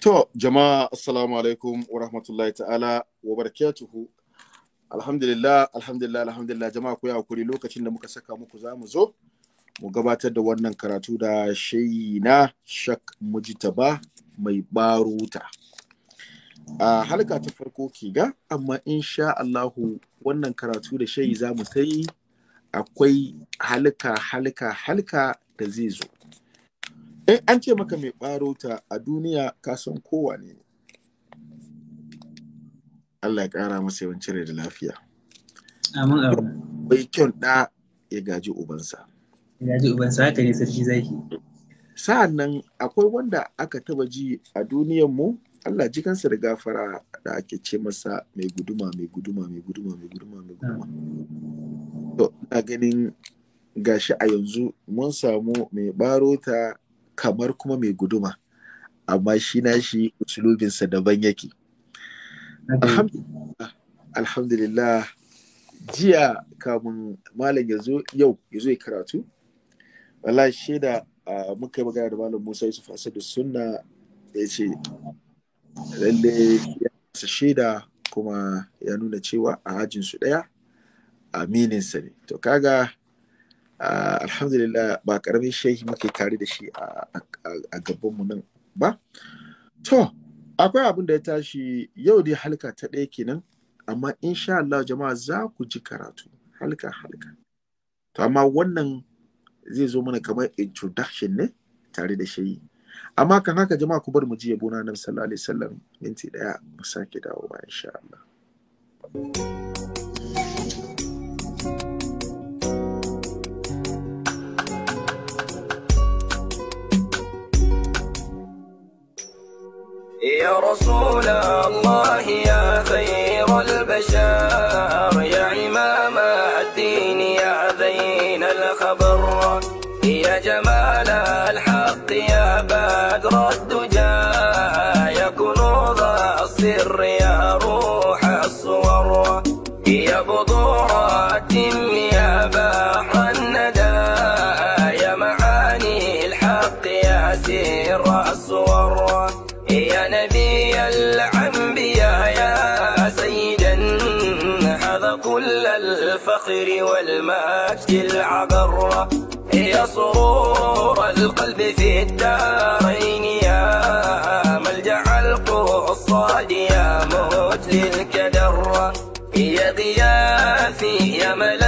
To, jama'a assalamu alaikum wa rahmatullahi ta'ala wa barakatuhu. Alhamdulillah, alhamdulillah, alhamdulillah jama'a ku hakuri lokacin da muka saka muku za mu zo mu gabatar da wannan karatu da shaina shak mujitaba mai baruta. A halka ta farko ke ga, amma insha Allahu wannan karatu da shayi za mu ta akwai halka halka halka da zai zo. in eh, an ce maka mai ɓarota a duniya ka san kowa ne Allah ya ƙara masa yawancin rai da lafiya bai kyan ɗa ya gaji ubansa ya gaji ubansa haka ne sarki zaki sa'an nan akwai wanda aka taba ji a duniyan mu Allah ji kansa da gafara da ake ce masa mai guduma mai guduma mai guduma mai guduma mai guduma to ina ganin gashi a yanzu mun samu mai barota kamar kuma mai guduma amma shi na shi usulubinsa daban yake alhamdulillah jiya kamun malam ya zo yau ya zo ya karatu wala shaida muka yi magana da malam musa yusuf asadu sunna ya ce lalle ya shaida kuma ya nuna cewa a hajjinsu ɗaya amininsa ne to kaga Ah, alhamdulillah ba karamin shehi muke tare da shi a mu nan ba to akwai abin da ya tashi yau dai halka ta ɗaya kenan amma insha Allah jama'a za ku ji karatu halka halka to amma wannan zai zo mana kamar introduction ne tare da shehi amma kan haka jama'a ku bar mu ji yabo nan sallallahu alaihi wasallam minti daya mu sake dawo ba insha Allah يا رسول الله يا خير البشر يا إمام الوداع بره يا سرور القلب في الدارين يا ملجأ القصاد يا موت للكدر يا غياثي يا ملاذ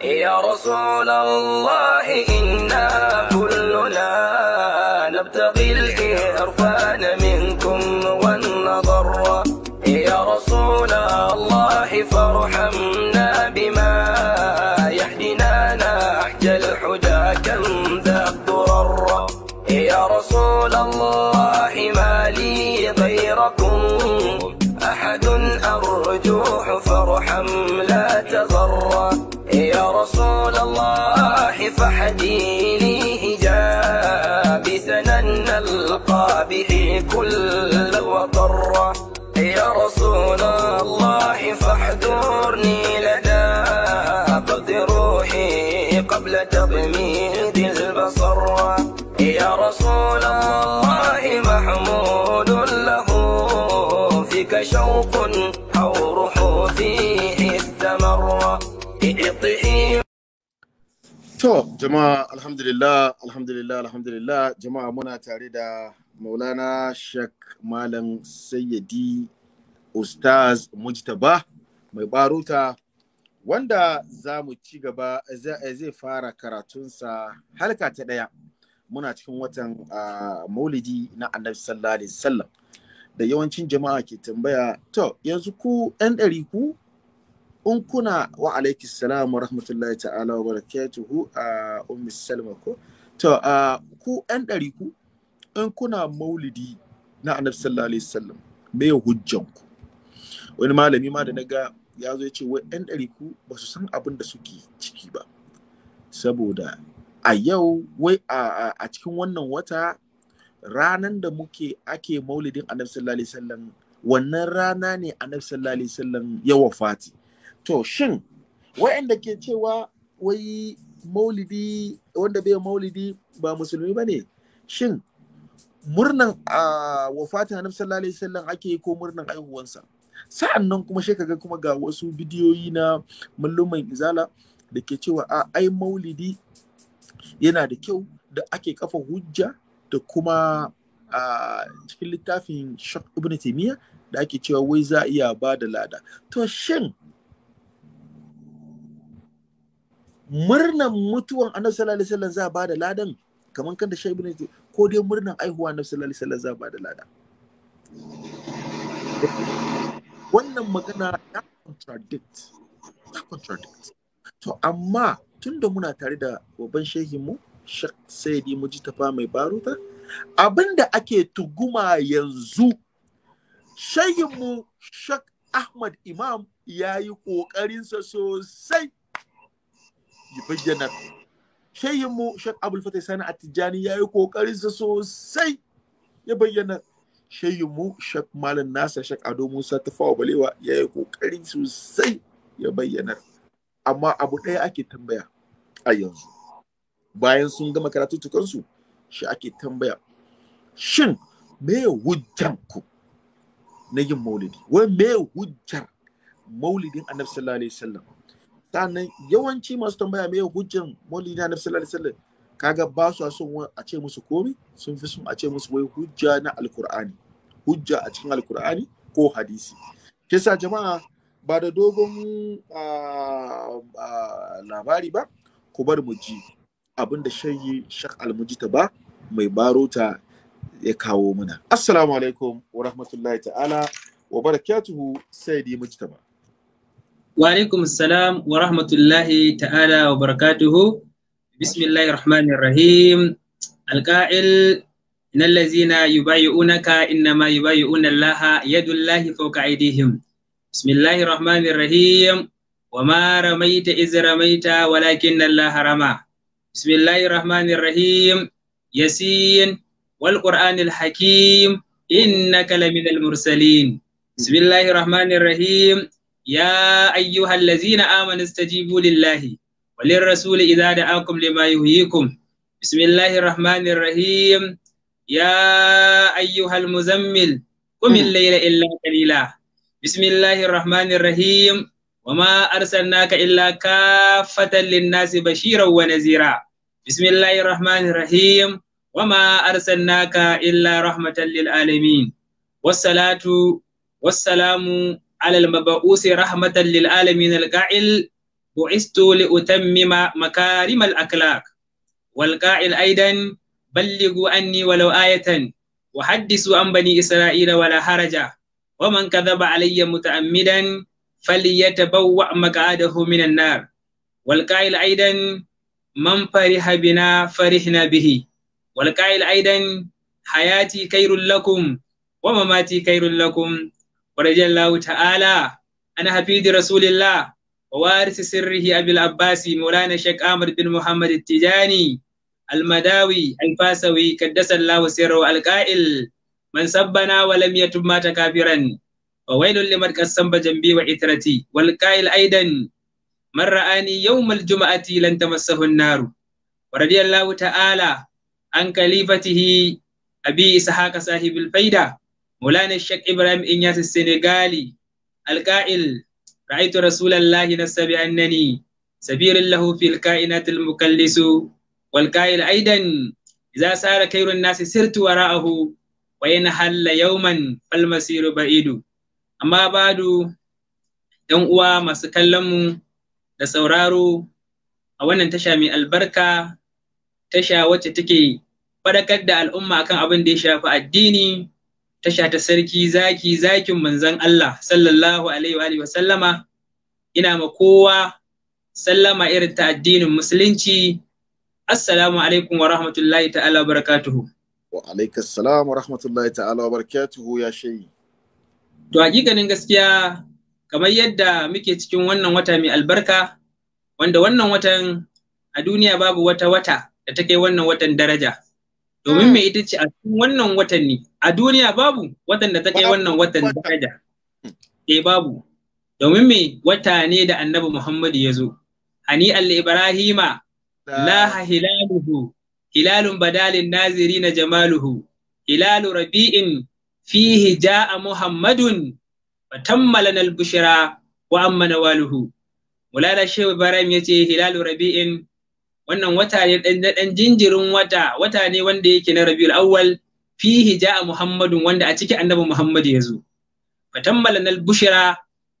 يا رسول الله إنا كلنا نبتغي الإرفان منكم والنظر يا رسول الله فارحمنا بما يحدنا نحج الحجى كم ذا الضرر يا رسول الله ما لي غيركم أحد أرجوح فارحمنا الله فحدي لي بسنن نلقى به كل وضرة يا رسول الله فاحذرني لك To, jama'a alhamdulillah, alhamdulillah, alhamdulillah, jama'a muna tare da Maulana Shek Malam Sayyidi Ustaz Mujtaba mai baruta wanda za mu ci gaba zai fara karatunsa halka ta ɗaya. Muna cikin watan maulidi na annabi sallallahu alaihi wasallam da yawancin jama'a ke tambaya to yanzu ku 'yan ɗari ku in kuna wa alaikis salam wa rahmatullahi ta'ala wa barakatuhu a ummi salma ko to ku ɗan ɗari ku in kuna maulidi na annabi sallallahu alaihi wasallam me hujjan ku wani malami ma da na ga ya zo ya ce wai ɗan ɗari ku ba su san abin da suke ciki ba saboda a yau wai a cikin wannan wata ranan da muke ake maulidin annabi sallallahu alaihi wasallam wannan rana ne annabi sallallahu alaihi wasallam ya wafati to shin wa'anda ke cewa wai maulidi wanda bai maulidi ba musulmi ba ne shin murnan a wafata na sallallahu alaihi ake yi ko murnan aihuwansa sa'an nan kuma shi kuma ga wasu bidiyoyi na malluman izala da ke cewa a ai maulidi yana da kyau da ake kafa hujja da kuma a cikin littafin shak ibn da ake cewa wai za a iya ba da lada to shin murnan mutuwan annabi sallallahu alaihi wasallam za ba da ladan kamar kan da shaibu ne ko dai murnan aihuwa annabi sallallahu alaihi wasallam za ba da ladan wannan magana ya contradict ya contradict to amma tunda muna tare da babban mu, Sheikh sayyidi mujitafa mai baruta abinda ake tuguma yanzu mu shak ahmad imam ya yi ƙoƙarinsa sosai bayyanar shayin mu shek abul fatai sani tijjani ya yi kokarinsa sosai ya bayyana shayin mu shek malam nasa shek ado musa tafawa balewa ya yi kokari sosai ya bayyana amma abu ɗaya ake tambaya a yanzu bayan sun gama karatuttukansu shi ake tambaya shin me hujjar ku na yin maulidi wai me hujjar maulidin annabi sallallahu alaihi wasallam sannan yawanci masu tambaya me hujjan molina na sallallahu alaihi kaga ba su son a ce musu komi sun fi son a ce musu wai hujja na alkur'ani hujja a cikin alkur'ani ko hadisi kisa jama'a ba da dogon labari ba ku bar mu ji abin da shayi shak almujita ba mai barota ya kawo muna assalamu alaikum wa rahmatullahi ta'ala wa barakatuhu sai di ba. wa alaikum salam wa rahmatullahi ta'ala wa barakatuhu bismillahir rahmanir rahim alqa'il innal ladzina yubayyi'unaka innama yubayyi'una allaha yadullahi fawqa aydihim bismillahir rahmanir rahim wa ma ramaita iz ramaita walakinna allaha rama bismillahir rahmanir rahim yasin wal qur'anil hakim innaka laminal mursalin bismillahir rahmanir rahim يا أيها الذين آمنوا استجيبوا لله وللرسول إذا دعاكم لما يهيكم بسم الله الرحمن الرحيم يا أيها المزمل قم الليل إلا قليلا بسم الله الرحمن الرحيم وما أرسلناك إلا كافة للناس بشيرا ونذيرا بسم الله الرحمن الرحيم وما أرسلناك إلا رحمة للعالمين والصلاة والسلام على المبعوث رحمة للعالمين القائل بعثت لأتمم مكارم الأخلاق والقائل أيضا بلغوا عني ولو آية وحدثوا عن بني إسرائيل ولا حرج ومن كذب علي متعمدا فليتبوأ مقعده من النار والقائل أيضا من فرح بنا فرحنا به والقائل أيضا حياتي خير لكم ومماتي خير لكم ورجى الله تعالى أنا حفيد رسول الله ووارث سره أبي العباس مولانا الشيخ أحمد بن محمد التجاني المداوي الفاسوي قدس الله سره القائل من سبنا ولم يتب مات كافرا وويل لمن قسم بجنبي وعترتي والقائل أيضا من رآني يوم الجمعة لن تمسه النار ورضي الله تعالى عن خليفته أبي إسحاق صاحب الفيدة مولانا الشيخ إبراهيم إنياس السنغالي القائل رأيت رسول الله نسى بأنني سبير له في الكائنات المكلس والقائل أيضا إذا سار خير الناس سرت وراءه وإن حل يوما فالمسير بعيد أما بعد ‘yan uwa masu kallonmu da sauraro a wannan tasha mai albarka tasha wacce take faɗakar da al'umma akan abin da ya shafi addini tasha ta sarki zaki zakin manzan Allah sallallahu alaihi wa alihi wa sallama ina ma kowa sallama irin ta addinin musulunci assalamu alaikum wa rahmatullahi ta'ala wa barakatuhu wa alaikum salam wa rahmatullahi ta'ala wa barakatuhu ya shayi to hakikanin gaskiya kamar yadda muke cikin wannan wata mai albarka wanda wannan watan a duniya babu wata wata da take wannan watan daraja domin mai hmm. ita ce a cikin wannan watanni a duniya babu watan da ta kai wannan watan da ke hmm. eh, babu domin mai wata ne da annabi Muhammadu ya zo hani al-ibrahima la hilaluhu hilalun badalin naziri na jamaluhu hilalu rabi'in fihi ja'a muhammadun fatammalana al-bushra wa amma waluhu mulala shehu ibrahim yace hilalu rabi'in wannan wata ne dan jinjirin wata wata ne wanda yake na rabiul awwal fihi ja'a muhammadun wanda a ciki annabi muhammad ya zo fatammala nal bushra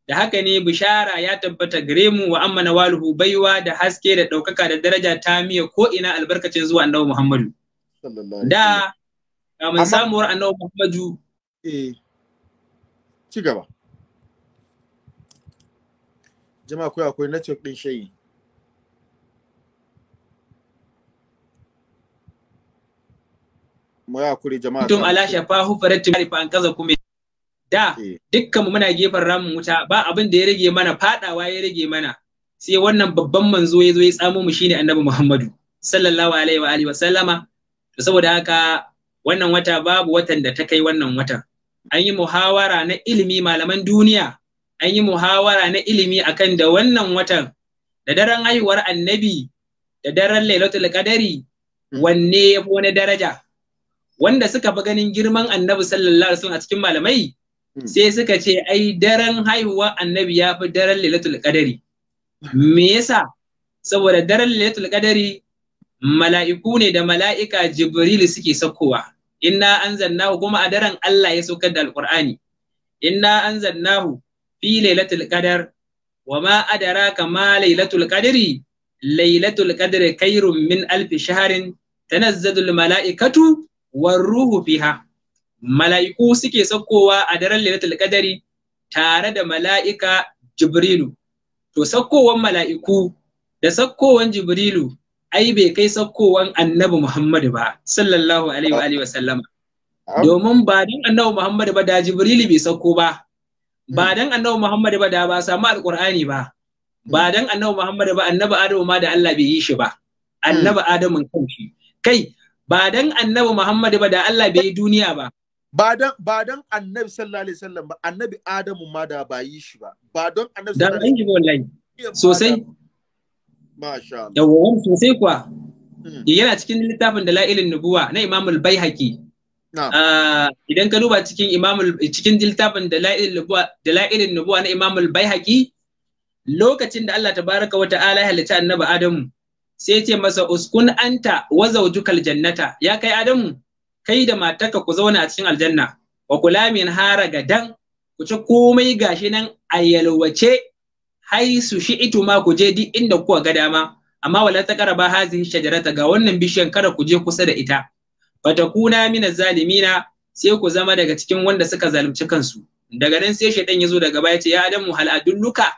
da haka ne bishara ya tabbata gare mu wa amana waluhu baiwa da haske da ɗaukaka da daraja ta miya ko ina albarkacin zuwa annabi muhammadu da kamun samuwar annabi muhammadu eh ci gaba jama'a akwai network din shayi mu ya kuri jama'a tum ala faratu mari fa an kaza kuma da eh. dukkan mu muna gefen ramin wuta ba abin da ya rage mana fadawa ya rage mana sai wannan babban manzo ya zo ya tsamo mu shine annabi Muhammadu sallallahu alaihi wa alihi wa sallama to saboda haka wannan wata babu watan da ta kai wannan watan an yi muhawara na ilimi malaman duniya an yi muhawara na ilimi akan da wannan watan da daren haihuwar annabi da daren lailatul qadari hmm. wanne ya fi wani daraja wanda suka fi ganin girman annabi sallallahu alaihi wasallam a cikin malamai hmm. sai suka ce ai daren haihuwa annabi ya fi daren lailatul qadari me yasa saboda daren lailatul qadari mala'iku ne da mala'ika jibril suke sakkowa inna anzalnahu kuma a daren Allah ya saukar da alqur'ani inna anzalnahu fi lailatul qadar wa ma adraka ma lailatul qadri lailatul qadri khairum min alf shahrin mala'ikatu war ruhu fiha mala'iku suke sakkowa a daren lailatul qadari tare da mala'ika jibrilu to sakkowan mala'iku da sakkowan jibrilu ai bai kai sakkowan annabi muhammadu ba sallallahu alaihi wa alihi domin ba dan annabi muhammadu ba da jibrilu bai sakko ba ba mm. dan annabi muhammadu ba da ba samu alqur'ani ba ba mm. dan annabi muhammadu ba annabi adamu ma da Allah bai yi shi ba annabi mm. adamun kanshi kai ba dan annabi Muhammadu ba da Allah bai yi duniya ba ba dan ba dan annabi sallallahu alaihi wasallam ba annabi Adamu ma da ba yi shi ba ba dan annabi da an yi wallahi sosai masha Allah yawa sosai kuwa hmm. eh, yana cikin littafin da la'ilin nubuwa na Imam al-Baihaqi ah, idan ka duba cikin Imam cikin littafin da la'ilin nubuwa da la'ilin nubuwa na Imam al-Baihaqi lokacin da Allah tabaraka wa ta'ala ya halitta annabi Adamu sai ce masa uskun anta wa Zaujukal jannata ya kai adamu kai da matarka ku zauna a cikin aljanna wa kula min hara dan? ku ci komai gashi nan a yalwace haisu shi'itu ma ku je duk inda kuka ga dama amma wala ta karaba hazihi shajarata ga wannan bishiyan kada ku je kusa da ita fatakuna mina zalimina sai ku zama daga cikin wanda suka zalunci kansu daga nan sai shaidan ya zo daga baya ya ce ya adamu hal adulluka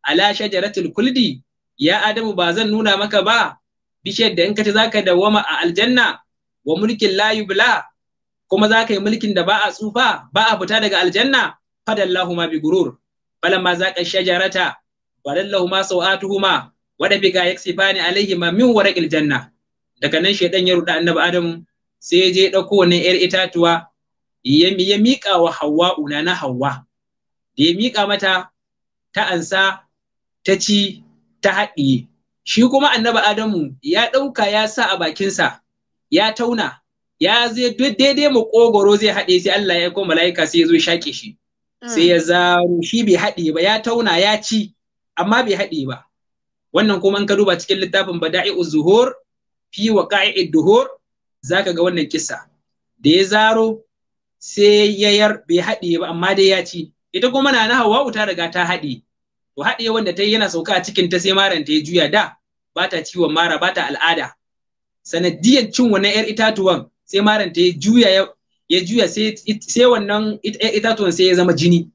ala shajaratul kuldi ya Adamu ba zan nuna maka ba bishiyar da in ka ci zaka dawwama a aljanna wa mulkin la yubla kuma zaka yi mulkin da ba a tsufa ba a fita daga aljanna fadallahu ma bi gurur balamma zaka shajarata balallahu ma sawatuhuma wa dafika yaksifani alayhi ma min warqil janna daga nan shaidan ya ruda annabi adamu sai ya je dauko wannan yar itatuwa ya miƙa wa Hawwa una na Hauwa da ya mika mata ta ansa ta ci ta haɗiye shi kuma annabi adamu ya ɗauka ya sa a bakinsa ya tauna ya zai daidai ƙogoro zai haɗe sai Allah ya koma mala'ika sai ya zo shaƙe shi sai ya zaro shi bai haɗe ba ya tauna ya ci amma bai haɗe ba wannan kuma in ka duba cikin littafin Bada'i zuhur fi waqa'i'id duhur zaka ga wannan kisa da ya zaro sai ya yar bai haɗe ba amma dai ya ci ita kuma na na hawa ta riga ta haɗe to haɗe wanda ta yi yana sauka a cikin ta sai maran ta ya juya da ba ta ciwon mara ba ta al'ada Sanadiyar cin wannan yar itatuwan sai maran ta ya juya sai wannan yar itatuwan sai ya zama jini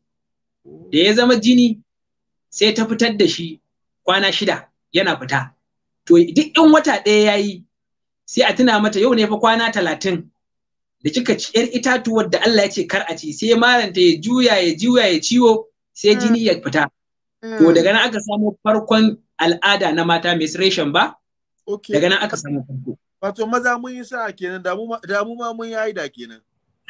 da ya zama jini sai ta fitar da shi kwana shida yana fita to duk in wata ɗaya ya yi sai a tuna mata yau ne fa kwana talatin da kika ci yar itatuwan da Allah ya ce kar a ci sai maran ta ya juya ya juya ya ciwo sai hmm. jini ya fita To hmm. daga nan aka samu farkon al'ada na mata menstruation ba? Okay. Daga nan aka samu farko. Wato maza mun yi sa'a kenan mu ma mun yi da kenan.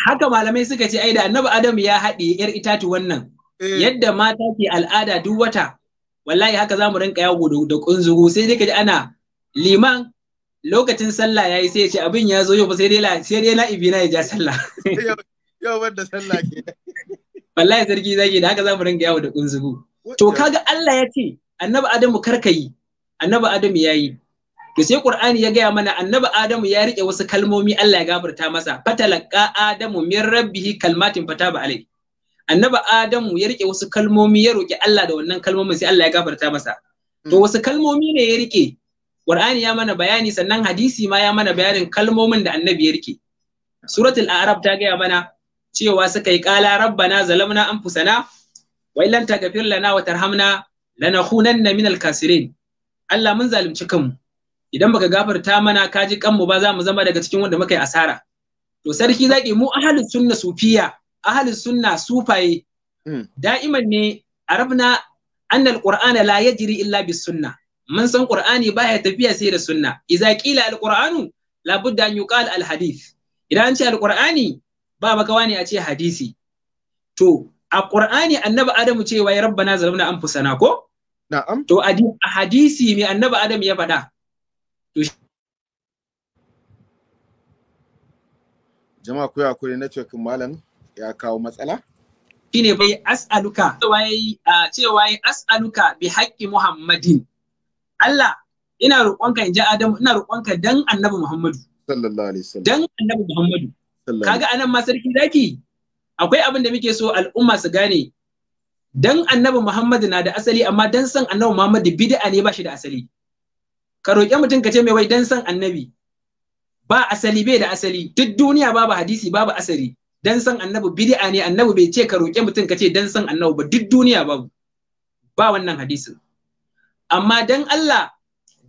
Haka malamai suka ce ai da Annabi Adam ya haɗe yar itatu wannan. Eh. Yadda mata ke al'ada duk wata wallahi haka za mu rinka yawo da kunzugu sai dai kaji ana liman lokacin sallah yayi sai ya ce abin ya zo yau sai dai sai dai la'ibi na ya ja sallah. Yau da sallah ke. Wallahi sarki zaki da haka za mu rinka yawo da kunzugu. to kaga Allah ya ce annabi Adamu karka yi annabi Adamu ya yi to sai Qur'ani ya gaya mana annabi Adamu ya rike wasu kalmomi Allah ya gafarta masa fatalaqa Adamu min rabbihi kalmatin fataba alai annabi Adamu ya rike wasu kalmomi ya roki Allah da wannan kalmomin sai Allah ya gafarta masa to hmm. wasu kalmomi ne ya rike Qur'ani ya mana bayani sannan hadisi ma ya mana bayanin kalmomin da annabi ya rike suratul a'raf ta gaya mana cewa suka yi qala rabbana zalamna anfusana wa illan taghfir lana wa tarhamna lanakunanna minal kasirin Allah mun zalunci kanmu idan baka gafarta mana ka ji kanmu ba za mu zama daga cikin wanda muka yi asara to sarki zaki mu ahli sunna sufiya ahli sunna sufaye hmm. da'iman ne arabna anna qur'ana la yajri illa bis sunna mun san qur'ani ya tafiya sai da sunna idza qila qur'anu la budda an yuqal al hadith idan an ce qur'ani ba makawa ne a ce hadisi to a Qur'ani annabi Adamu cewa ya rabbana zalamna anfusana ko na'am to a hadisi mai annabi Adamu ya faɗa to jama'a ku yakuri network malam ya kawo matsala shine bai as'aluka cewa yi as'aluka bi haqqi Muhammadin Allah ina roƙonka in ji Adamu ina roƙonka dan annabi Muhammadu sallallahu alaihi wasallam dan annabi Muhammadu kaga anan ma sarki zaki akwai abin da muke so al'umma su gane dan annabi Muhammadu na da asali amma dan san annabi Muhammadu bid'a ne ba shi da asali ka roƙi mutum ka ce mai wai dan san annabi ba asali bai da asali duk duniya babu hadisi babu asali dan san annabi bid'a ne annabi bai ce ka roƙi mutum ka ce dan san annabi ba duk duniya babu ba wannan hadisin amma dan Allah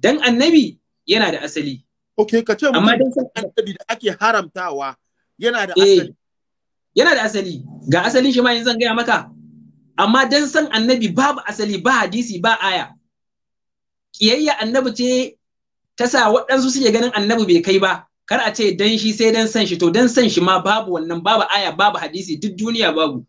dan annabi yana da asali okay ka ce amma dan san annabi da ake haramtawa yana da eh, asali yana da asali ga asalin shi ma yanzu zan gaya maka amma dan san annabi babu asali ba hadisi ba aya kiyayya annabi ce ta sa waɗansu suke ganin annabi bai kai ba kar a ce dan shi sai dan san shi to dan san shi ma babu wannan babu aya babu hadisi duk duniya babu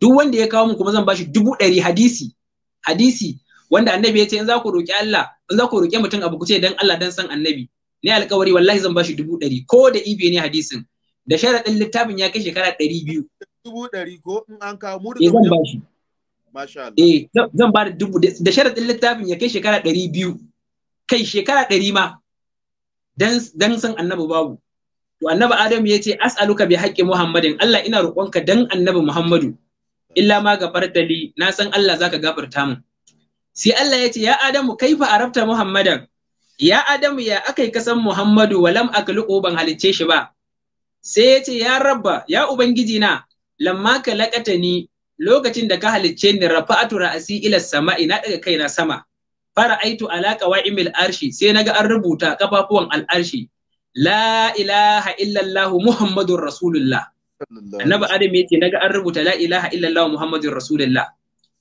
duk wanda ya kawo mu kuma zan bashi dubu ɗari hadisi hadisi wanda annabi ya ce in za ku roƙi Allah in za ku roƙi mutum abu ku ce dan Allah dan san annabi Ni alƙawari wallahi zan bashi dubu ɗari ko da ibe ne hadisin da sharaɗin littafin ya kai shekara ɗari biyu. Dubu ɗari ko in an kawo mu da eh, zan ba shi. Masha Allah. Eh zan ba da dubu da sharaɗin littafin ya kai shekara ɗari biyu. Kai shekara ɗari ma. Dan dan san annabi babu. To annabi Adam ya ce as'aluka bi haƙƙi Muhammadin Allah ina roƙonka dan annabi Muhammadu. Illa ma gafarta li na san Allah zaka gafarta mu. Sai Allah ya ce ya Adamu kaifa arabta Muhammadan. Ya Adamu ya akai kasan Muhammadu walam akluqu ban halicce shi ba. sai ya ce ya rabba ya ubangiji na lamma ka lakata ni lokacin da ka halicce ni rafa'atu asi ila sama'i na daga kaina sama fara aitu alaka wa imil arshi sai naga an rubuta kafafuwan al'arshi la ilaha illallah muhammadur rasulullah annabi adam yace naga an rubuta la ilaha illallah muhammadur rasulullah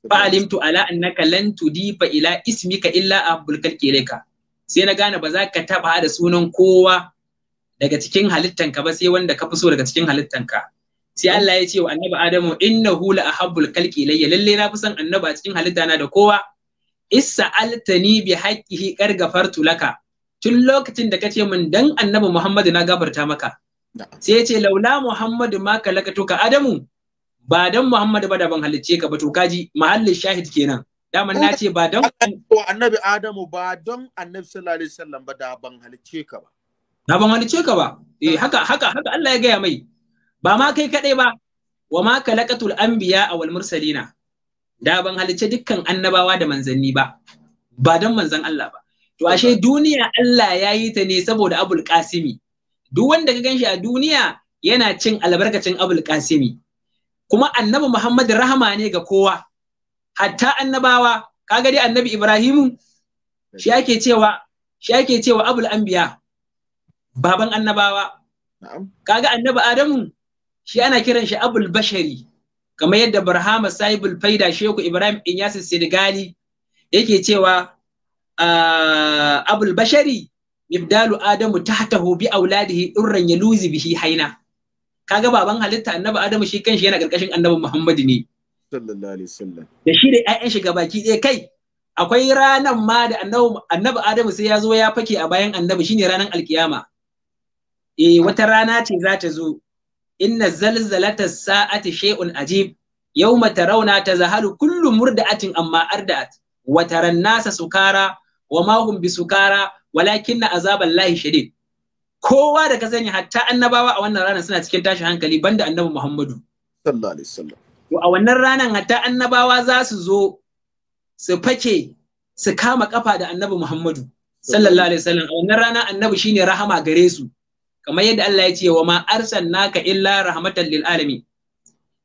fa alimtu ala annaka lan tudifa ila ismika illa abul kalki ilayka sai na gane ba za ka taba da sunan kowa daga cikin halittanka ba sai wanda ka fi so daga cikin halittanka sai Allah ya ce wa annabi Adamu hula la ahabbul khalqi ya lalle na fi son annabi a cikin halitta na da kowa issa altani bi haqqihi qargafartu laka tun lokacin da ka ce min dan annabi Muhammadu na gafarta maka sai ya ce laula Muhammadu ma lakato ka Adamu ba dan Muhammadu ba da ban halicce ka ba to kaji mahallin shahid kenan daman na ce ba dan annabi Adamu ba don annabi sallallahu alaihi wasallam ba da ban halicce ka ba na ban ka ba eh haka haka haka Allah ya gaya mai ba ma kai kadai ba wa ma kalaqatul anbiya wal mursalina da ban halice dukkan annabawa da manzanni ba ba don manzan Allah ba to ashe duniya Allah ya yi ta ne saboda abul qasimi duk wanda ka ganshi a duniya yana cin albarkacin abul qasimi kuma annabi Muhammad rahama ne ga kowa hatta annabawa kaga dai annabi Ibrahimu shi ake cewa shi ake cewa abul anbiya baban annabawa kaga annabi adamu shi ana kiran shi abul bashari kamar yadda barhama saibul faida shehu ibrahim inyasi sidgali yake cewa ah, abul bashari ibdalu adamu tahtahu bi auladihi urran yaluzi bihi haina kaga baban halitta annabi adamu shi kanshi yana karkashin annabi muhammadu ne sallallahu alaihi da shi da ƴaƴan shi gabaki ɗaya kai akwai ranan ma da annabi adamu sai ya zo ya fake a bayan annabi shine ranan alkiyama eh wata rana ce za ta zo inna zalzalata sa'ati shay'un ajib yawma tarawna tazahalu kullu murda'atin amma ardat wa taran nasa sukara wa ma hum bisukara walakinna azaballahi shadid kowa da ka sani hatta annabawa a wannan ranar suna cikin tashin hankali banda annabi Muhammadu sallallahu alaihi wasallam to a wannan ranar hatta annabawa za su zo su fake su kama kafa da annabi Muhammadu sallallahu alaihi wasallam a wannan rana annabi shine rahama gare su kamar yadda Allah ya ce wa ma arsalnaka illa rahmatan lil alamin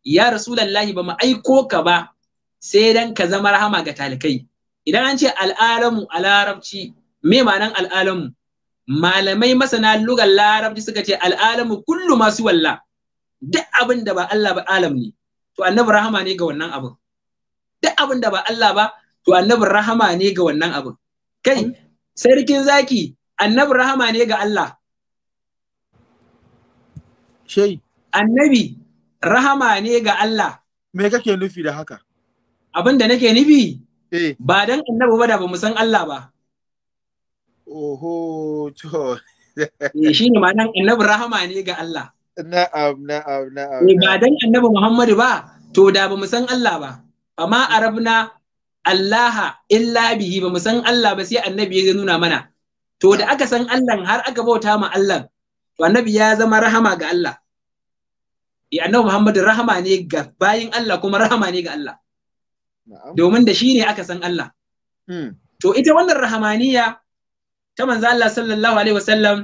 ya rasulullahi ba mu aiko ka ba sai dan ka zama rahama ga talikai idan an ce al'alamu a larabci me ma'anan al'alamu malamai masana lugar larabci suka ce al'alamu kullu masu walla duk abin da ba Allah ba alam ne to annabi rahama ne ga wannan abin duk abin da ba Allah ba to annabi rahama ne ga wannan abin kai sarkin zaki annabi rahama ne ga Allah shei annabi rahama ne ga Allah me kake nufi da haka abin da nake nufi eh ba dan annabi ba da ba mu san Allah ba oho to eh, shi ne ma'anar annabi rahama ne ga Allah na'am na'am na'am eh, ba dan annabi Muhammadu ba to da ba mu san Allah ba amma arabna Allah illa bihi ba mu san Allah ba sai annabi ya nuna mana to da aka san Allah har aka bauta ma Allah to annabi ya zama rahama ga Allah ya eh, annabi Muhammad rahama ne ga bayin Allah kuma rahama ne ga Allah domin da shi ne aka san Allah hmm. to ita wannan rahamaniya ta manzo Allah sallallahu alaihi wasallam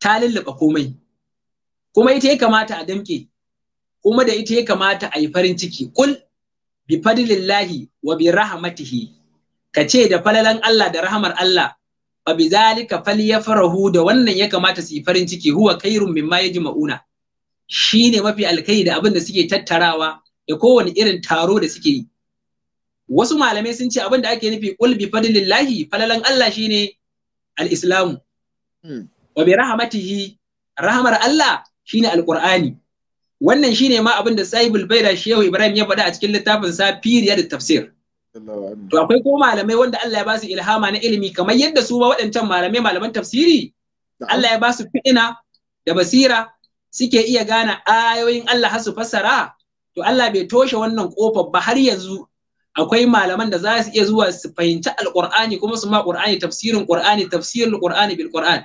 ta lulluɓa komai kuma ita ya kamata a damke kuma da ita ya kamata a yi farin ciki kul bi fadlillahi wa bi rahmatihi ka ce da falalan Allah da rahamar Allah fa bi zalika falyafrahu da wannan ya kamata su yi farin ciki huwa khairun mimma yajma'una shi ne mafi alkai da abin da suke tattarawa da kowane irin taro da suke yi wasu malamai sun ce abin da ake nufi qul bi fadlillahi falalan Allah shine al-islamu hmm. wa bi rahmatihi rahmar Allah shine ne wannan shine ma abin da Saibul baida shehu ibrahim ya faɗa a cikin littafin sa firiya da tafsir to akwai ko malamai wanda Allah ya ba su ilhama na ilimi kamar yadda su ba waɗancan malamai malaman tafsiri Allah ya ba su fi'ina da basira suke iya gane ayoyin Allah hasu su to Allah bai toshe wannan kofar ba har yanzu akwai malaman da za su iya zuwa su fahimci alqur'ani kuma su ma qur'ani tafsirin qur'ani tafsirin qur'ani bil qur'an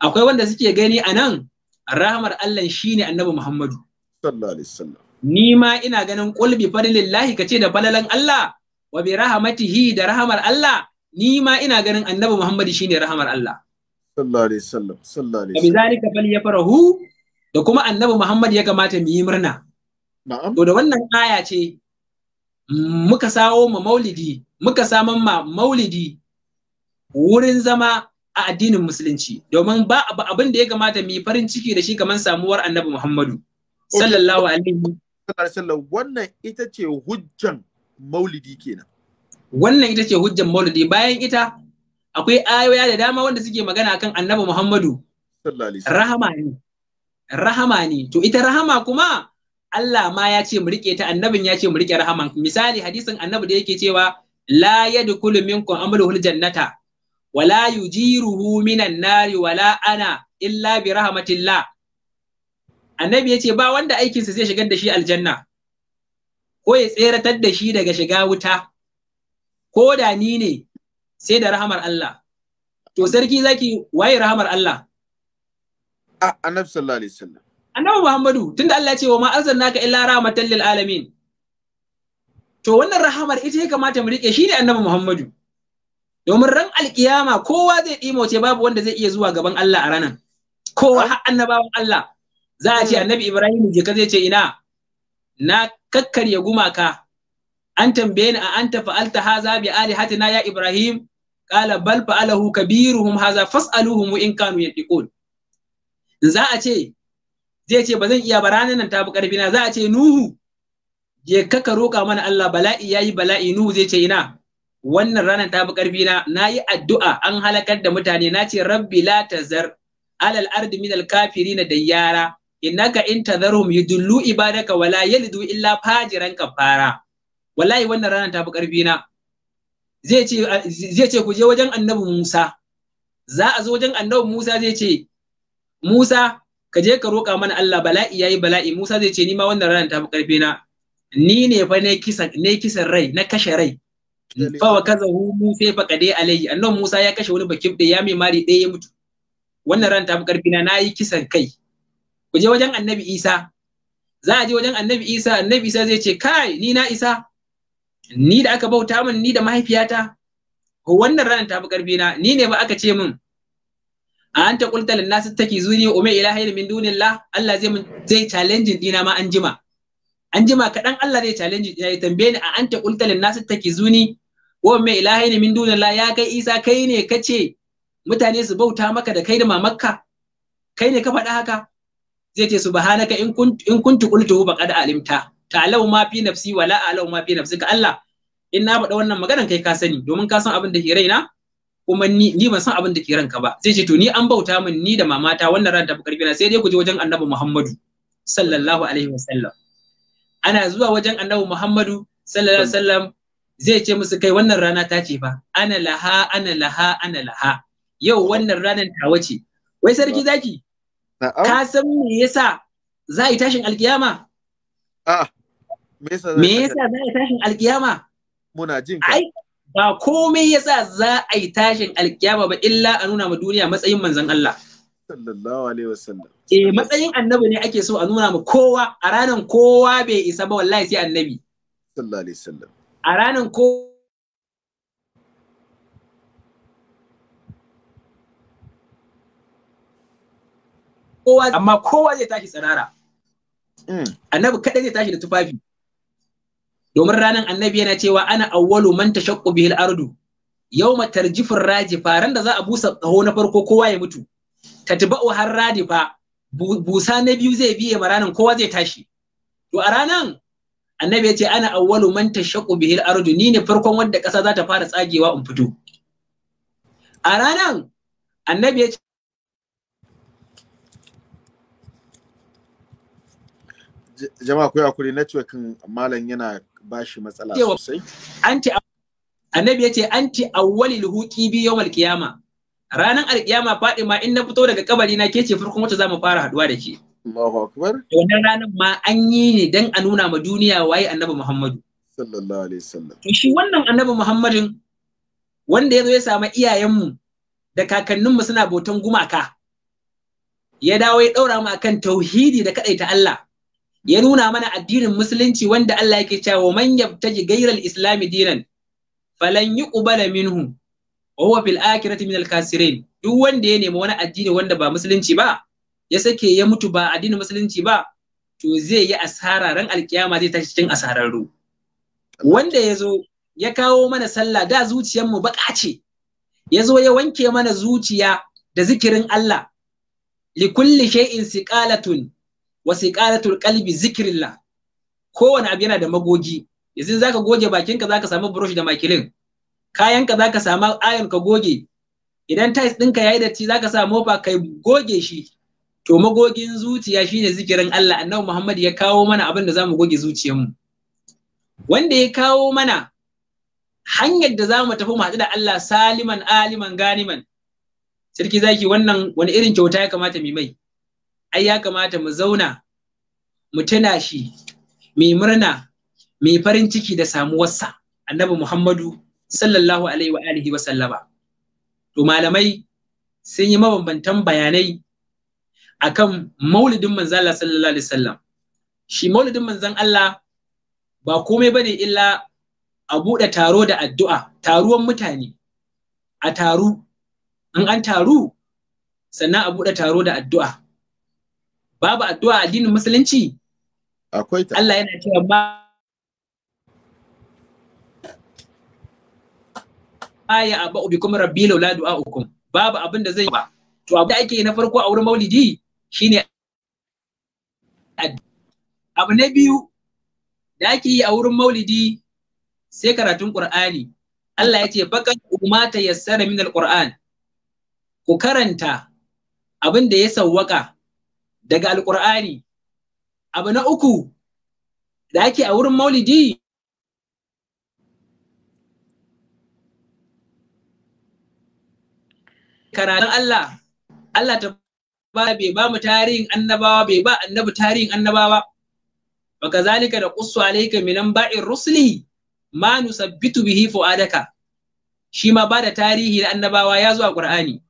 akwai wanda suke gani anan rahmar Allah shine annabi Muhammadu sallallahu alaihi wasallam ni ma ina ganin lillahi fadlillahi kace da balalan Allah wa bi rahmatihi da rahmar Allah ni ma ina ganin annabi Muhammadu shine rahmar Allah sallallahu alaihi wasallam sallallahu alaihi wasallam bizalika yafrahu da kuma annabi Muhammad ya kamata mu yi murna. To da wannan aya ce muka sawo ma maulidi, muka saman ma maulidi wurin zama a addinin musulunci domin ba abin da ya kamata mu yi farin ciki da shi kamar samuwar annabi Muhammadu sallallahu alaihi wannan ita ce hujjan maulidi kenan. Wannan ita ce hujjan maulidi bayan ita akwai ayoya da dama wanda suke magana kan annabi Muhammadu rahama ne. rahama ne to ita rahama kuma Allah ma ya ce mu rike ta annabin ya ce mu rike rahaman misali hadisin annabi da yake cewa la yadkhulu minkum amruhul jannata wala yujiruhu minan nari wala ana illa bi rahmatillah annabi yace ba wanda aikinsa zai shigar da shi aljanna ko ya tseratar da shi daga shiga wuta ko da ni ne sai da rahamar Allah to sarki zaki waye rahamar Allah a annabi sallallahu alaihi wasallam annabi muhammadu tunda Allah ya ce wa ma arsalnaka illa rahmatan lil alamin to wannan rahamar ita ya kamata mu rike shine annabi muhammadu domin ran alkiyama kowa zai ɗimoce babu wanda zai iya zuwa gaban Allah a ranan kowa har annabawan Allah za a ce hmm. annabi ibrahim je ka zai ce ina na kakkarya gumaka an tambaye ni a anta fa'alta haza bi alihatina ya ibrahim kala bal fa'alahu kabiruhum haza fas'aluhum in kanu yadiqun za a ce zai ce ba zan iya ba ranar nan ta karfina za a ce nuhu je ka ka roƙa mana Allah bala'i yayi bala'i nuhu zai ce ina wannan ranar ta karfina na nayi addu'a an halakar da mutane na ce rabbi la tazar alal ardi min al kafirina dayyara innaka in tadharhum yudullu ibadaka wala yalidu illa fajiran kafara wallahi wannan ranar ta karfina zai na zai ce ku je wajen annabi Musa za a zo wajen annabi Musa zai ce Musa ka je ka roƙa mana Allah bala'i yayi bala'i Musa zai ce ni ma wannan ranar ta fi ƙarfi na ni ne fa ne kisa ne kisan rai na kashe rai fa wa kaza hu mu sai fa kade alayhi Annan Musa ya kashe wani bakin da ya mai mari ɗaya ya mutu wannan ranar ta fi ƙarfi na nayi kisan kai ku je wajen annabi Isa za a je wajen annabi Isa annabi Isa zai ce kai ni na Isa ni da aka bauta min ni da mahaifiyata wannan ranar ta fi ƙarfi na ni ne ba aka ce min a anta qulta lin nas takizuni umma ilahi min dunillah Allah zai mun zai challenge dina ma an jima an jima kadan Allah zai challenge ya tambaye ni a anta qulta lin nas takizuni umma ilahi min dunillah ya kai Isa kai ne kace mutane su bauta maka da kai da mamakka kai ne ka faɗa haka zai ce subhanaka in kun in kuntu qultu faqad alimta ta'lamu ma fi nafsi wala a'lamu ma fi nafsika Allah in na faɗa wannan maganar kai ka sani domin ka san abin da ke raina kuma ni ni ban san abin da ke ranka ba sai ce to ni an bauta min ni da mamata wannan ran tafi karfi na sai dai ku je wajen annabi Muhammadu sallallahu alaihi wasallam ana zuwa wajen annabi Muhammadu sallallahu alaihi wasallam zai ce musu kai wannan rana ta ce fa ana laha ana laha ana laha yau wannan ranar ta wace wai sarki zaki ka san me yasa za a yi tashin alkiyama a me yasa za a yi tashin alkiyama muna jin ka ba komai yasa za a yi tashin alkiyama ba illa a nuna ma duniya matsayin manzon Allah sallallahu alaihi wasallam eh matsayin annabi ne ake so a nuna ma kowa a ranar kowa bai isa ba wallahi sai annabi sallallahu alaihi wasallam a ranar kowa amma kowa zai tashi tsirara hmm. annabi kadai zai tashi da tufafi domin ranar annabi yana cewa ana awwalu man tashaqqu bihil ardu yawma tarjifur rajifa ran da za a busa tsaho na farko kowa ya mutu tatba'u har radifa busa na biyu zai biye ma ranan kowa zai tashi to a ranan annabi ya ce ana awwalu man tashaqqu bihil ardu ni ne farkon wanda ƙasa za ta fara tsagewa in fito a ranan annabi ya ce jama'a ku hakuri network malam yana ba shi matsala sosai anti annabi yace anti awwali huqi bi yawmal qiyama ranan in na fito daga kabari na ke ce farkon wacce zamu fara haduwa da ke Allahu akbar wannan ranan ma an yi ne dan a nuna ma duniya waye annabi Muhammadu sallallahu alaihi wasallam to shi wannan annabi Muhammadin wanda ya zo ya samu iyayenmu da kakanninmu suna bautan gumaka ya dawo ya daura mu akan tauhidi da kadaita Allah ya nuna mana addinin musulunci wanda Allah yake cewa man yabtaji ghayral islami dinan falan yuqbala minhu wa huwa fil akhirati minal kasirin duk wanda ya nemi wani addini wanda ba musulunci ba ya sake ya mutu ba addinin musulunci ba to zai yi asara ran alkiyama zai tashi cikin asararru wanda ya zo ya kawo mana sallah da mu baka ce ya zo ya wanke mana zuciya da zikirin Allah li kulli shay'in siqalatun wasiqalatul qalbi zikrillah kowane abu yana da magogi yanzu zaka goge bakinka zaka samu brush da makilin kayanka zaka samu ayon ka goge idan tais ɗinka yi datti zaka sa mofa kai goge shi to magogin zuciya shine zikirin Allah annabi Muhammad ya kawo mana abin da zamu goge zuciyarmu wanda ya kawo mana hanyar da zamu tafi mu haɗu da Allah saliman aliman ganiman sarki zaki wannan wani irin kyauta ya kamata mai mai ai ya kamata mu zauna mu tana shi mai murna mai farin ciki da samuwarsa annabi muhammadu sallallahu alaihi wa alihi wa sallama to malamai sun yi mabambantan bayanai akan maulidin manzo Allah sallallahu alaihi wasallam shi maulidin manzon Allah ba komai bane illa a buɗe taro da addu'a taruwan mutane a taru in an taru sannan a buɗe taro da addu'a babu addu'a addinin musulunci akwai ta Allah yana cewa ma aya aba kuma rabbi laula ukum. babu abin da zai ba to abin da ake na farko a wurin maulidi shine abu na biyu da ake yi a wurin maulidi sai karatun qur'ani Allah ya ce bakan umata yassara min alquran ku karanta abin da ya sawwaka daga Alƙur'ani, abu na uku da ake a wurin maulidi karatun Allah Allah ta ba bai ba mu tarihin annabawa bai ba annabi tarihin annabawa wa kazalika da qussu alayka minan ba'in rusuli ma nusabbitu bihi fuadaka shi ma ba da tarihi na annabawa ya zo a Qur'ani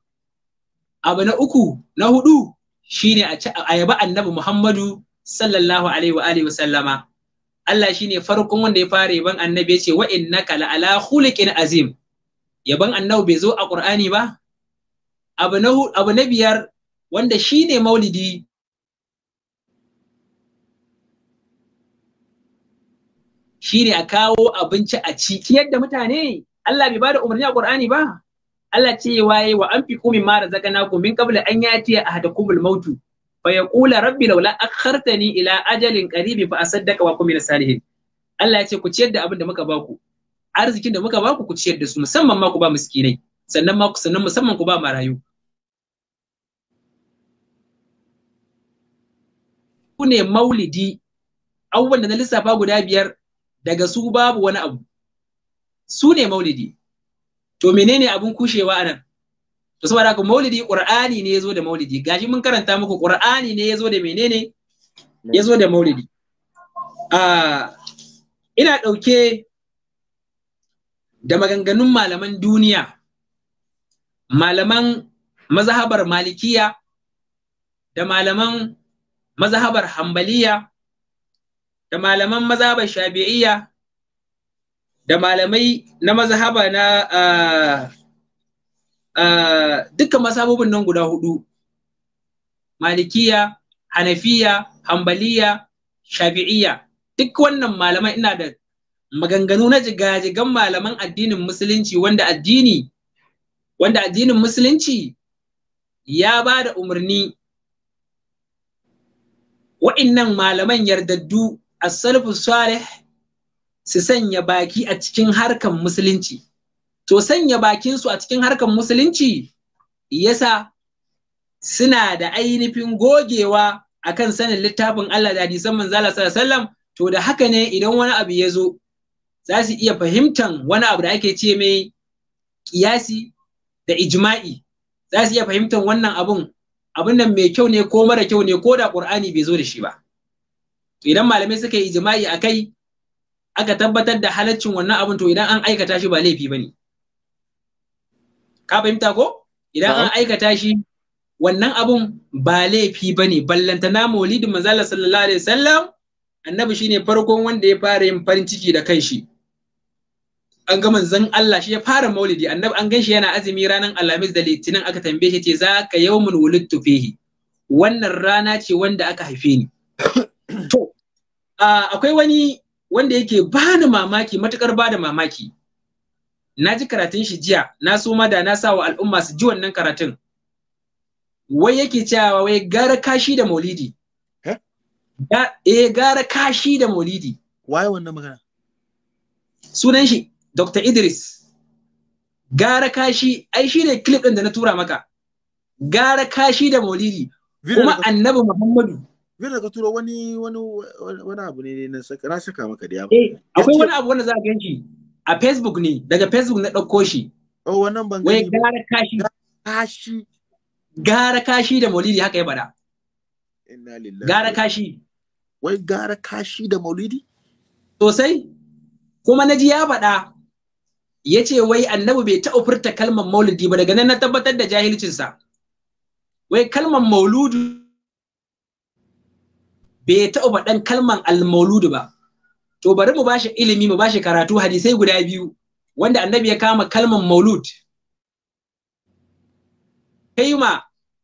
abu na uku na hudu shine a yaba ayaba annabi Muhammadu sallallahu alaihi wa alihi sallama Allah shine farkon wanda ya fara yaban annabi yace wa innaka la ala khuliqin azim yaban annabi bai zo a Qur'ani ba abu na abu na biyar wanda shine maulidi shine a kawo abinci a ciki yadda mutane Allah bai bada umarni a Qur'ani ba Allah ce waye wa mara mimma razaqnakum min kabla an yati kumul mautu. fa kula rabbi laula akhartani ila ajalin qaribi fa asaddaka wa kum salihin Allah ya ce ku ciyar da abin da muka baku arzikin da muka baku ku ciyar da su musamman ma ku ba miskinai sannan ma sannan musamman ku ba marayu ku ne maulidi abubuwan da na lissafa guda biyar daga su babu wani abu su ne maulidi to menene abun kushewa anan to saboda ka maulidi qur'ani ne yazo da maulidi gashi mun karanta muku qur'ani ne yazo da menene yazo da maulidi ah ina dauke da maganganun malaman duniya malaman mazhabar malikiya da malaman mazhabar hambaliya da malaman mazhabar shafi'iyya da malamai na mazhaba na dukkan mazhabobin nan guda hudu malikiya hanafiya hambaliya shafi'iya duk wannan malaman ina da maganganu na jigajigan malaman addinin musulunci wanda addini wanda addinin musulunci ya ba da umarni wa'innan malaman yardaddu as-salafus salih su sanya baki a cikin harkan musulunci to sanya bakinsu a cikin harkan musulunci yasa suna da ainihin gogewa akan sanin littafin Allah da hadisan manzala sallallahu alaihi wasallam to da haka ne idan wani abu ya zo za su iya fahimtan wani abu da ake ce mai kiyasi da ijma'i za su iya fahimtan wannan abun abun nan mai kyau ne ko mara kyau ne ko da ƙur'ani bai zo da shi ba idan malamai suka yi ijma'i akai aka tabbatar da halaccin wannan abin to idan an aikata shi ba laifi bane ka fahimta ko idan an aikata shi wannan abun ba laifi bane na maulidi manzala sallallahu alaihi wasallam annabi shine farkon wanda ya fara yin farin ciki da kanshi an ga manzon Allah shi ya fara maulidi annabi an ganshi yana azumi ranar alhamis da litinin aka tambaye shi ce za ka yawmul wulidtu fihi wannan rana ce wanda aka haife ni to akwai wani wanda yake bani mamaki matukar bada mamaki na ji karatun shi jiya na so ma da na sa wa al'umma su ji wannan karatun wai yake cewa wai gara kashi da maulidi eh, eh gara kashi da maulidi waye wannan magana sunan shi dr idris gara kashi ai shi ne clip din da na tura maka gara kashi da maulidi kuma annabi muhammadu Villa ka turo wani wani wani abu ne na saka na saka maka da yabo Eh, akwai wani abu wanda za ka ganshi a Facebook ne daga Facebook na ɗauko shi. Oh, wannan ban gani. Wai gara kashi. Kashi. Gara kashi da Maulidi haka ya bada. Inna lillahi. Gara kashi. Wai gara kashi da Maulidi? Sosai. Kuma na ji ya bada, ya ce wai annabi bai taɓa furta kalmar maulidi ba daga nan na tabbatar da jahilcinsa. Wai kalmar mauludu bai taɓa faɗan kalman almauludu ba to bari mu bashi ilimi mu bashi karatu hadisai guda biyu wanda annabi ya kama kalman maulud kai ma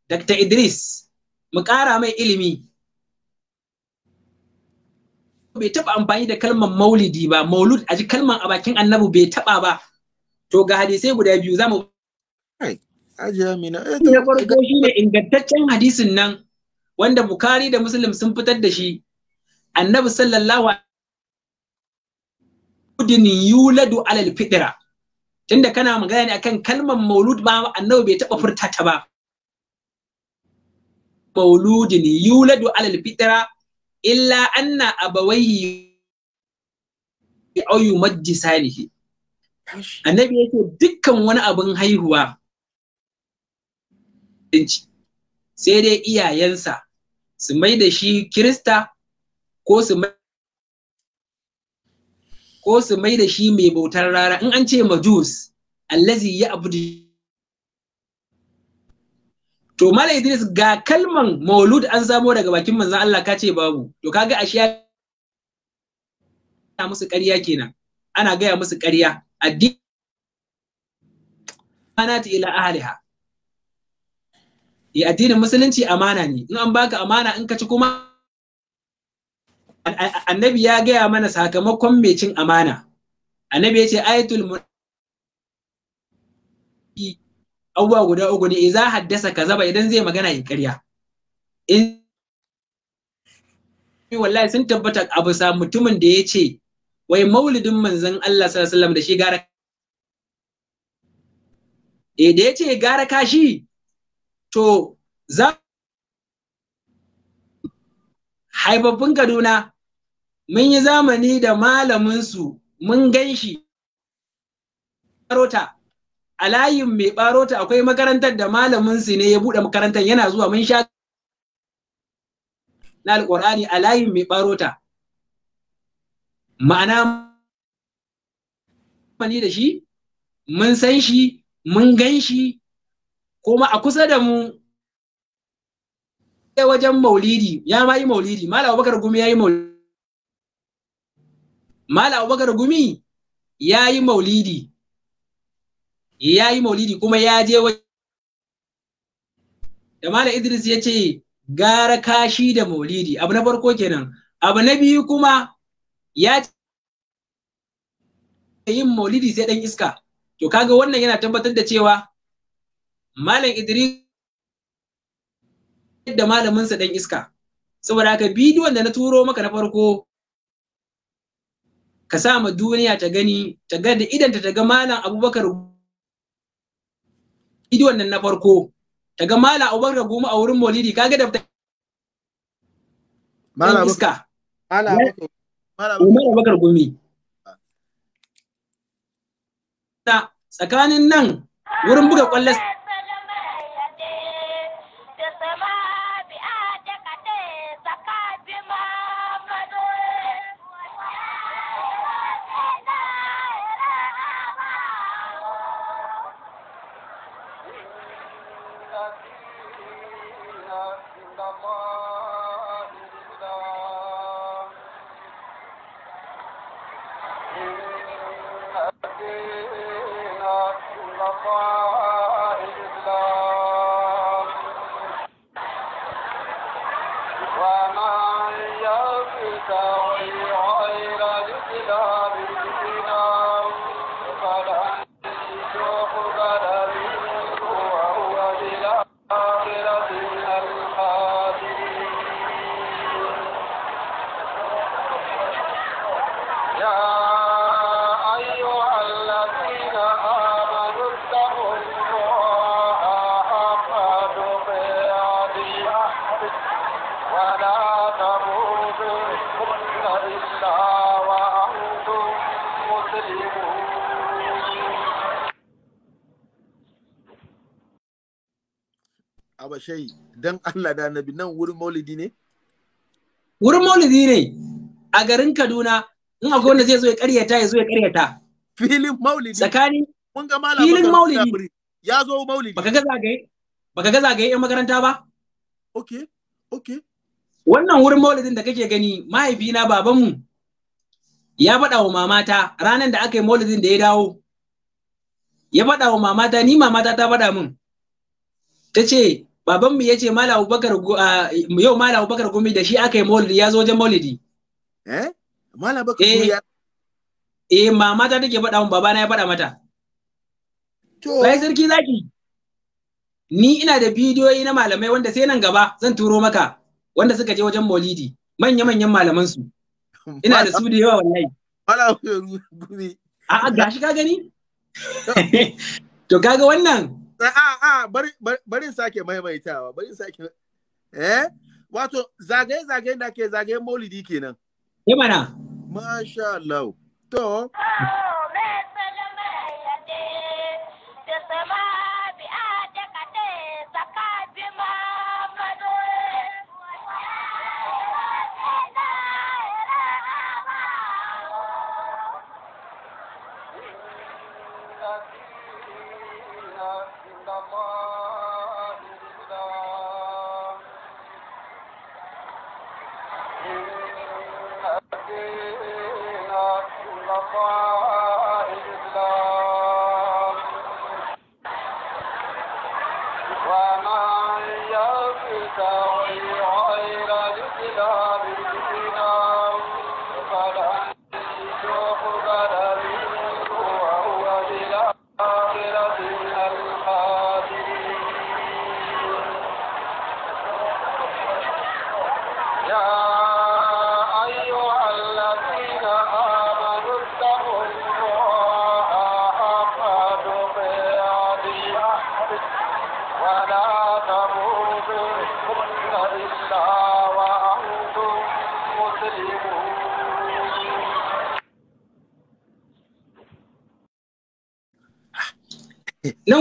Dr. Idris mu ƙara mai ilimi bai taɓa amfani da kalman maulidi ba maulud a ji kalman a bakin Annabu bai taɓa ba to ga hadisai guda biyu za mu eh, na farko shi ne ingantaccen hadisin nan wanda Bukhari da Muslim sun fitar da shi annabi sallallahu udin yuladu alal fitra tunda kana magana ne akan kalmar maulud ba annabi bai taba furta ta ba mauludin yuladu alal fitra illa anna abawaihi au salihi. annabi yake dukkan wani abin haihuwa sai dai iyayensa su mai da shi kirista ko su mai ko su mai da shi mai bautar rara in an ce majus allazi ya abu to mala idris ga kalman maulud an samo daga bakin manzon Allah ka ce babu to kaga ashiya ana musu ƙarya kenan ana gaya musu ƙarya addini ila ahliha eh addinin musulunci amana ne in an baka amana in ka ci kuma annabi ya gaya mana sakamakon mai cin amana annabi ya ce ayatul abubuwa guda uku ne za haddasa kazaba idan zai magana in karya in wallahi sun tabbata abu sa mutumin da ya ce wai maulidin manzon Allah sallallahu alaihi wasallam da shi gara eh da ya ce gara kashi to za haibabbin kaduna mun yi zamani da malaminsu mun gan shi barota a layin mai barota akwai makarantar da malaminsu ne ya buɗe makarantar yana zuwa mun sha na alƙur'ani a layin mai barota ma'ana mani da shi mun san shi mun gan shi kuma a kusa da mu wajen maulidi ya ma yi maulidi mala abubakar gumi ya yi maulidi mala abubakar gumi ya yi maulidi ya yi maulidi kuma ya je wajen da mala idris ya ce gara kashi da maulidi abu na farko kenan abu na biyu kuma ya yin maulidi sai dan iska to kaga wannan yana tabbatar da cewa malam idris da malaminsa dan iska saboda haka bidiyon da na turo maka na farko ka sa ma duniya ta gani ta ga da idanta ta ga malam abubakar bidiyon nan na farko ta ga malam abubakar goma a wurin ka ga da malam iska malam abubakar gumi tsakanin nan wurin buga kwallon shayi dan Allah da nabi nan wurin maulidi ne? Wurin maulidi ne a garin Kaduna in akwai wanda zai zo ya karyata ya zo ya karyata. Filin maulidi. Tsakani. Mun ga malam filin maulidi. Ya zo maulidi. Baka ga zagaye baka ga zagaye yan makaranta ba? Okay. Okay. Wannan wurin maulidin da kake gani mahaifina babanmu ya faɗa wa mamata ranar da aka yi maulidin da ya dawo ya faɗa wa mamata ni mamata ta faɗa min ta ce babanmu mu yace Malam Abubakar yau Malam Abubakar Gumi da shi aka yi maulidi ya zo wajen maulidi. Eh? Malam Abubakar eh. ya Eh mama ta take faɗa mun babana ya faɗa mata. To bai sarki zaki. Ni ina da bidiyoyi na malamai wanda sai nan gaba zan turo maka wanda suka je wajen maulidi manya-manyan malaman su. Ina da su da yawa wallahi. Malam Gumi. A'a gashi ka gani? To kaga wannan Eh, a a barin sake maimaitawa barin sake eh wato zagaye zagaye da ke zagaye maulidi kenan yi eh, mana masha Allah to ah!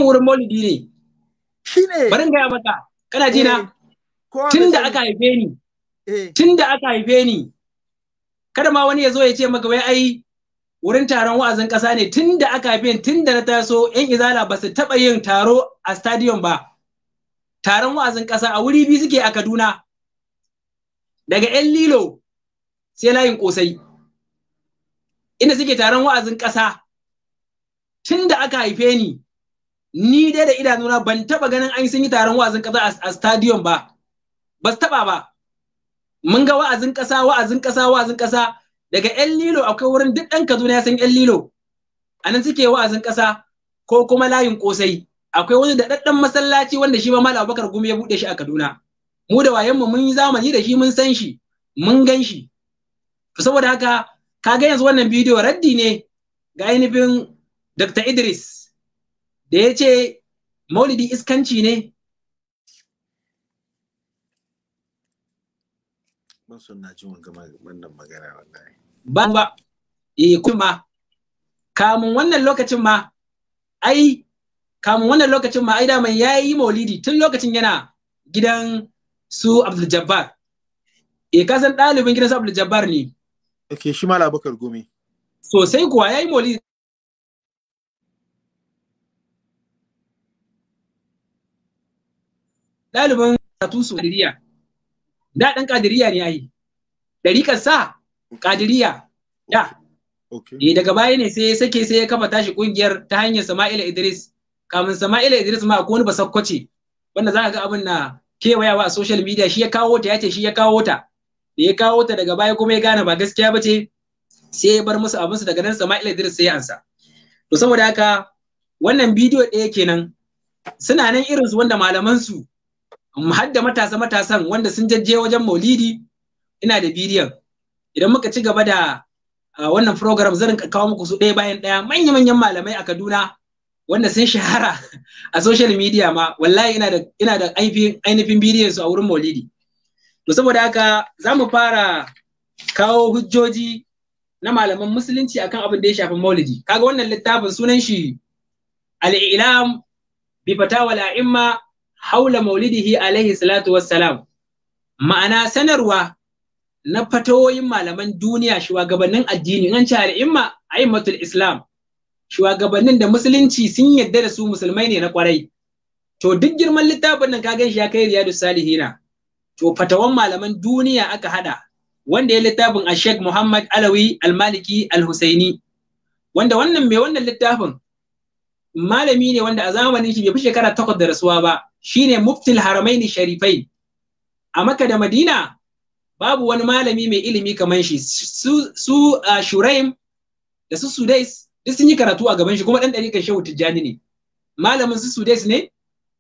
wurin maulidi ne ne. Barin gaya maka kana ji eh. tun da aka haife ni eh. tun da aka haife ni kada ma wani ya zo ya ce maka wai ai wurin taron wa'azin ƙasa ne tun da aka haife ni tun da na taso yan izala ba su taɓa yin taro a stadium ba taron wa'azin ƙasa a wuri biyu suke a Kaduna daga ‘yan lilo sai layin ƙosai inda suke taron wa'azin ƙasa tun da aka haife ni ni dai da idanuna ban taba ganin an sun yi taron wa'azin kasa a stadium ba ba su taba ba mun ga wa'azin kasa wa'azin kasa wa'azin kasa daga yan lilo akwai wurin duk ɗan kaduna ya san yan lilo a nan suke wa'azin kasa ko kuma layin kosai akwai wani da daddan masallaci wanda shi ma malam abubakar gumi ya buɗe shi a kaduna mu da wayenmu mun yi zamani da shi mun san shi mun gan shi saboda haka ka ga yanzu wannan bidiyo raddi ne ga ainihin Dr. Idris da ya ce maulidi iskanci ne ba su wannan magana ba ba eh kuma kamun wannan lokacin ma ai kamun wannan lokacin ma ai da mai yi maulidi tun lokacin yana gidan su Abdul Jabbar e eh, kasan ɗalibin gidan su Abdul Jabbar ne okay shi ma bakar gumi sosai kuwa ya yi maulidi ɗaliban karatu su da ɗan kadiriya ne yayi ɗariƙar sa kadiriya da okay. Eh, daga baya ne sai ya sake sai ya kafa tashi kungiyar ta hanyar sama'ila idris kamin sama'ila idris ma akwai wani basakkwace wanda za ka ga abin na kewayawa a social media shi ya kawo ta ya shi ya kawo ta da ya kawo ta daga baya kuma ya gane ba gaskiya ba ce sai ya bar musu abinsu daga nan sama'ila idris sai ya ansa to saboda haka wannan bidiyo ɗaya kenan suna nan irin su wanda malamansu hadda matasa matasan wanda sun jajje wajen maulidi ina da bidiyon idan muka ci gaba da wannan program zan kawo muku su ɗaya bayan ɗaya manya-manyan malamai a Kaduna wanda sun shahara a social media ma wallahi ina da ainihin bidiyon su a wurin maulidi to saboda haka za mu fara kawo hujjoji na malaman musulunci akan abin da ya shafi maulidi kaga wannan littafin sunan shi al'ilam bi fatawa la'imma haula maulidihi alaihi salatu wassalam ma'ana sanarwa na fatawoyin malaman duniya shugabannin addini an ce al'imma a'immatul islam shugabannin da musulunci sun yadda da su musulmai ne na kwarai to duk girman littafin nan ka gan shi ya kai riyadu salihina to fatawan malaman duniya aka hada wanda ya littafin a Sheikh Muhammad Alawi Al-Maliki Al-Husaini wanda wannan mai wannan littafin malami ne wanda a zamanin shi bai fi shekara takwas da rasuwa ba shine muftil haramaini sharifai a maka da madina babu wani malami mai ilimi kamar shi su, shuraim da su sudais duk sun yi karatu a gaban shi kuma dan shehu tijjani ne malamin su sudais ne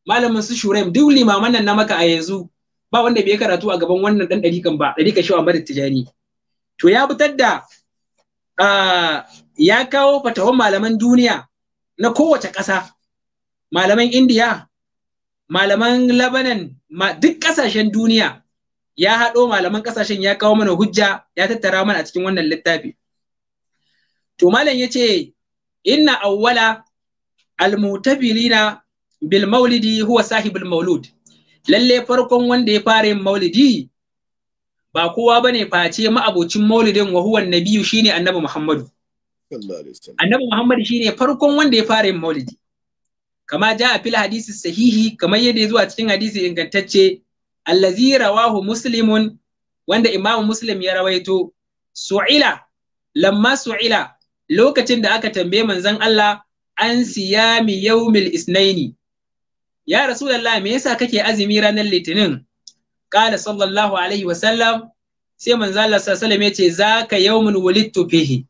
malamin su shuraim duk limaman nan na maka a yanzu ba wanda bai karatu a gaban wannan dan ɗarikan ba kan shehu amma tijjani to ya fitar da ya kawo fatawan malaman duniya na kowace ƙasa malaman indiya malaman Lebanon ma, duk ƙasashen duniya ya haɗo malaman ƙasashen ya kawo mana hujja ya tattara mana a cikin wannan littafi. To malam ya ce inna awwala almutabilina bil maulidi huwa sahibul maulud lalle farkon wanda ya fara yin maulidi ba kowa bane face ma'abocin maulidin wa huwa nabiyu shine annabi Muhammadu. Annabi Muhammadu shine farkon wanda ya fara yin maulidi. kama ja a fil hadisi sahihi kamar yadda ya zuwa cikin hadisi ingantacce allazi rawahu muslimun wanda imamu muslim ya rawaito su'ila lamma su'ila lokacin da aka tambaye manzon Allah an siyami yaumil isnaini ya rasulullahi me yasa kake azumi ranar litinin qala sallallahu alaihi wa sallam sai manzon Allah sallallahu alaihi ya ce zaka yaumun wulidtu fihi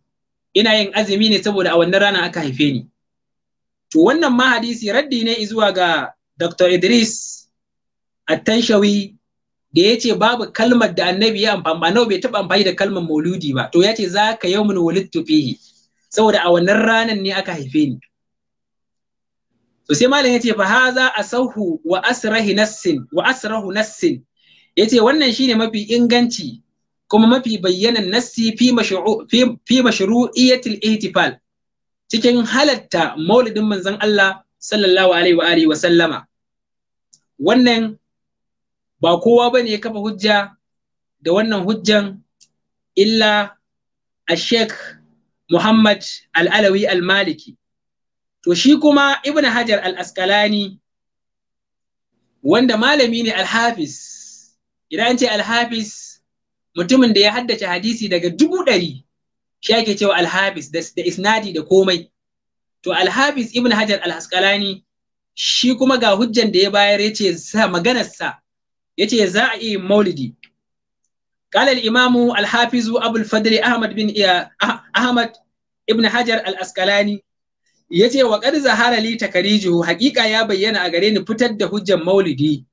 ina yin azumi ne saboda a wannan rana aka haife ni to wannan ma hadisi raddi ne zuwa ga Dr. Idris Attanshawi da ya ce babu kalmar da annabi ya amfani bai taɓa amfani da kalmar mauludi ba to ya ce za ka yau mun fihi saboda a wannan ranar ne aka haife ni to sai malam ya ce fa haza asahu wa asrahi nassin wa asrahu nassin ya ce wannan shine mafi inganci kuma mafi bayyanan nassi fi mashru'iyatil ihtifal cikin halatta maulidin manzon Allah sallallahu alaihi wa alihi wa sallama wannan ba kowa bane ya kafa hujja da wannan hujjan illa a sheikh Muhammad al-Alawi al-Maliki to shi kuma Ibn Hajar al-Asqalani wanda malami ne al-Hafiz idan an ce al-Hafiz mutumin da ya haddace hadisi daga dubu ɗari shi ake cewa alhabis da isnadi da komai to alhabis ibn hajar alhaskalani shi kuma ga hujjan da ya bayar ya ce sa maganarsa ya ce za a yi maulidi قال الإمام الحافظ Ahmad bin أحمد بن أحمد ابن حجر الأسقلاني yace wa qad zahara li takarijuhu haqiqa ya bayyana a gare ni fitar da hujjan maulidi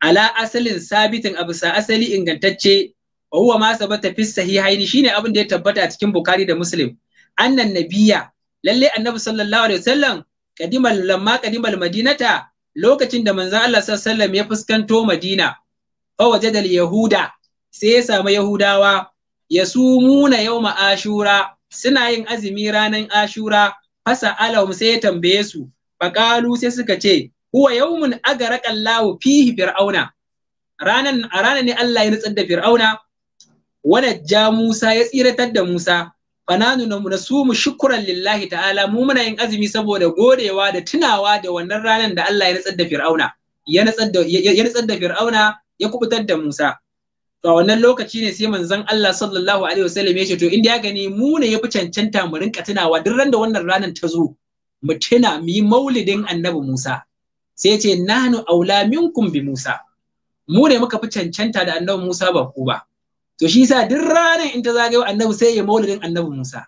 ala asalin sabitin abu sa asali ingantacce wa ma sabata fi sahihaini shine abin da ya tabbata a cikin Bukhari da Muslim annan nabiya lalle annabi sallallahu alaihi wasallam kadimal lamma kadimal madinata lokacin da manzon Allah sallallahu alaihi wasallam ya fuskanto Madina fa wajada yahuda sai ya samu Yahudawa ya sumuna yawma ashura suna yin azumi ranan ashura fasa alahum sai ya tambaye su faqalu sai suka ce huwa yawmun agaraqa Allahu fihi fir'auna ranan a ranan ne Allah ya nutsar da fir'auna Wanajja ja Musa ya tsiratar da Musa fananu na mu shukuran lillahi ta'ala mu muna yin azumi saboda godewa da tunawa da wannan ranar da Allah ya natsar da Fir'auna ya natsar da ya da Fir'auna ya kubutar da Musa to a wannan lokaci ne sai manzon Allah sallallahu alaihi wasallam ya ce to inda ya gani mu ne yafi cancanta mu rinka tunawa duk ran da wannan ranar ta zo mu tuna mu yi maulidin annabi Musa sai ya ce nahnu aula minkum bi Musa mu ne muka fi cancanta da annabi Musa ba ku ba to shi yasa duk ranar in ta zagayo annabi sai ya maulidin annabi Musa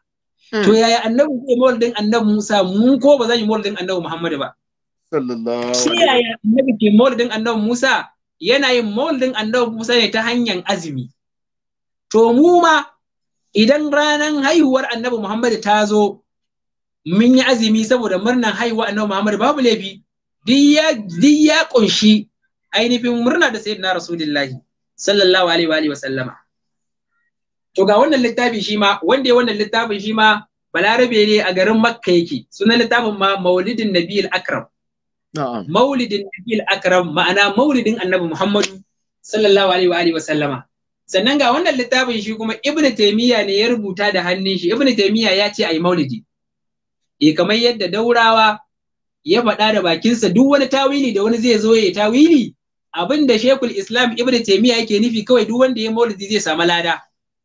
hmm. to yaya annabi zai maulidin annabi Musa mu ko ba za mu maulidin annabi Muhammad ba sallallahu shi yaya annabi ke maulidin annabi Musa yana yin maulidin annabi Musa ne ta hanyar azumi to mu ma idan ranar haihuwar annabi Muhammad ta zo mun yi azumi saboda murnar haihuwar annabi Muhammad babu laifi duk ya kunshi ainihin murna da sayyidina rasulullahi sallallahu alaihi wa sallama to ga wannan littafi shi ma wanda ya wannan littafin shi ma balarabe ne a garin makka yake sunan littafin ma maulidin nabiyil akram maulidin nabiyil akram ma'ana maulidin annabi muhammadu sallallahu alaihi wa alihi wa sallama sannan ga wannan littafin shi kuma ibn taymiya ne ya rubuta da hannun shi ibn taymiya ya ce yi maulidi eh kamar yadda daurawa ya faɗa da bakinsa duk wani tawili da wani zai zo ya tawili abin da shekul islam ibn taymiya yake nufi kawai duk wanda ya maulidi zai samu lada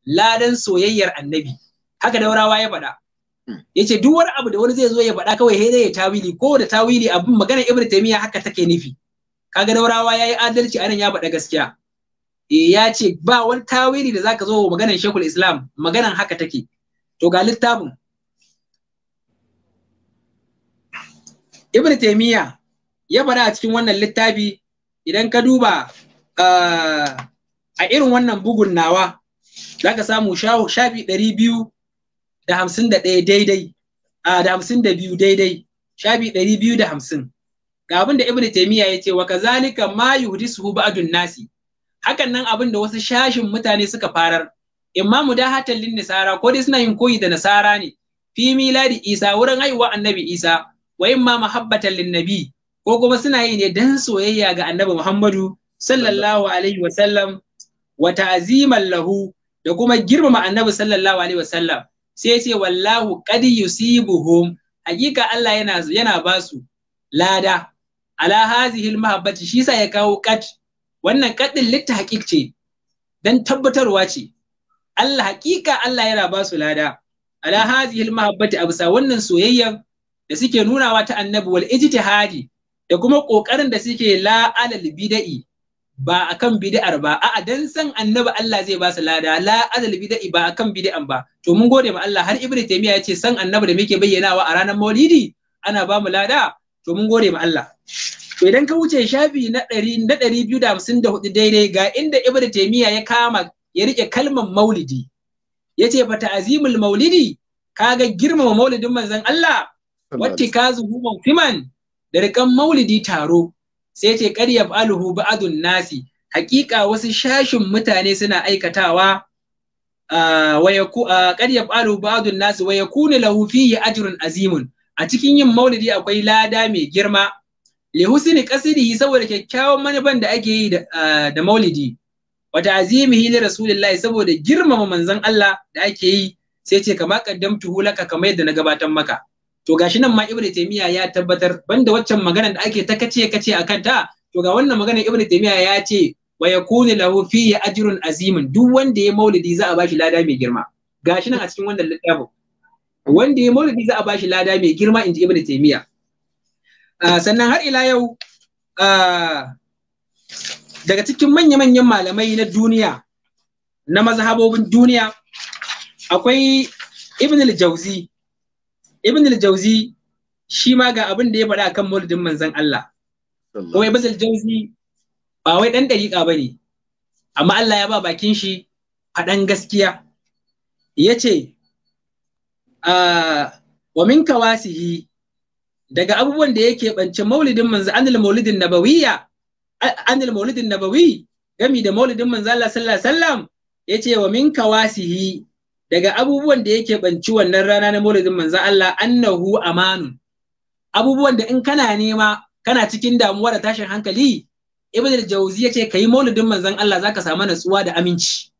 ladan soyayyar annabi haka daurawa ya faɗa hmm. yace duk wani abu da wani zai zo ya faɗa kawai sai ya tawili ko da tawili abin magana ibnu taymiya haka take nufi kaga daurawa yayi adalci anan ya faɗa gaskiya eh, ya ce ba wani tawili da zaka zo maganar shekul islam maganar haka take to ga littafin ibn ya faɗa a cikin wannan littafi idan ka duba ah, a irin wannan bugun nawa Zaka ka samu shafi ɗari biyu da hamsin da ɗaya daidai da hamsin da biyu daidai shafi ɗari biyu da hamsin ga abin da ibnu taimiyya ya ce wa kazalika ma yuhdisuhu ba'dun nasi hakan nan abin da wasu shashin mutane suka farar imma mudahatan lin nasara ko dai suna yin koyi da nasara ne fi miladi isa wurin haihuwa annabi isa wa imma mahabbatan lin nabi ko kuma suna yi ne dan soyayya ga annabi muhammadu sallallahu alaihi wa sallam wa ta'ziman lahu da kuma girmama annabi sallallahu alaihi wasallam sai ya ce wallahu qad yusibuhum hakika Allah yana yana ba su lada ala hazihi almahabbati shi sa ya kawo qad wannan qadin littahqiq ce dan tabbatarwa ce Allah hakika Allah yana ba su lada ala hazihi almahabbati abusa wannan soyayyan da suke nunawa ta annabi wal ijtihadi da kuma kokarin da suke la alal bid'i ba a kan bid'ar ba a'a dan san annabi Allah zai ba su lada la adal bid'i ba a kan bid'an ba to mun gode ma Allah har ibnu taymiya ya ce san annabi da muke bayyanawa a ranar Maulidi ana ba mu lada to mun gode ma Allah to idan ka wuce shafi na 254 daidai ga inda ibnu taymiya ya kama ya rike kalmar maulidi yace fa ta'zimul maulidi kaga girmama maulidin manzon Allah wattika zuhuman fiman da rikan maulidi taro sai ce ƙarya yaf'aluhu ba'adun nasi hakika wasu shashin mutane suna aikatawa ƙarya yaf'aluhu ba'adun nasi wa kuna lahu fihi ajrun azimun a cikin yin maulidi akwai lada mai girma li husni qasdihi saboda kyakkyawan manufan da ake yi da maulidi wa ta'zimihi li rasulillahi saboda girmama manzon Allah da ake yi sai ce kama kaddamtuhu laka kamar yadda na gabatar maka to gashi nan ma ibnu taymiya ya tabbatar banda waccan magana da ake ta kace kace akan ta to ga wannan magana ibnu taymiya ya ce wa yakunu lahu fihi ajrun azimin duk wanda ya maulidi za a bashi lada mai girma gashi nan a cikin wannan littafin wanda ya maulidi za a bashi lada mai girma inji ibnu taymiya sannan har ila yau daga cikin manya-manyan malamai na duniya na mazhabobin duniya akwai ibn al-jauzi ibn al jawzi shi ma ga abin da ya faɗa kan maulidin manzon Allah kuma ibn al jawzi ba wai dan dariƙa bane amma Allah ya ba bakin shi faɗan gaskiya yace ah, wa min kawasihi daga abubuwan da yake bance maulidin manzon anil maulidin nabawiyya anil maulidin nabawi gami da maulidin manzon Allah sallallahu alaihi wasallam yace wa min kawasihi daga abubuwan da yake banci wannan rana na maulidin manzan Allah annahu amanun abubuwan da in kana nema kana cikin damuwa da tashin hankali ibn al-jawzi yace kai maulidin manzon Allah zaka samu natsuwa da aminci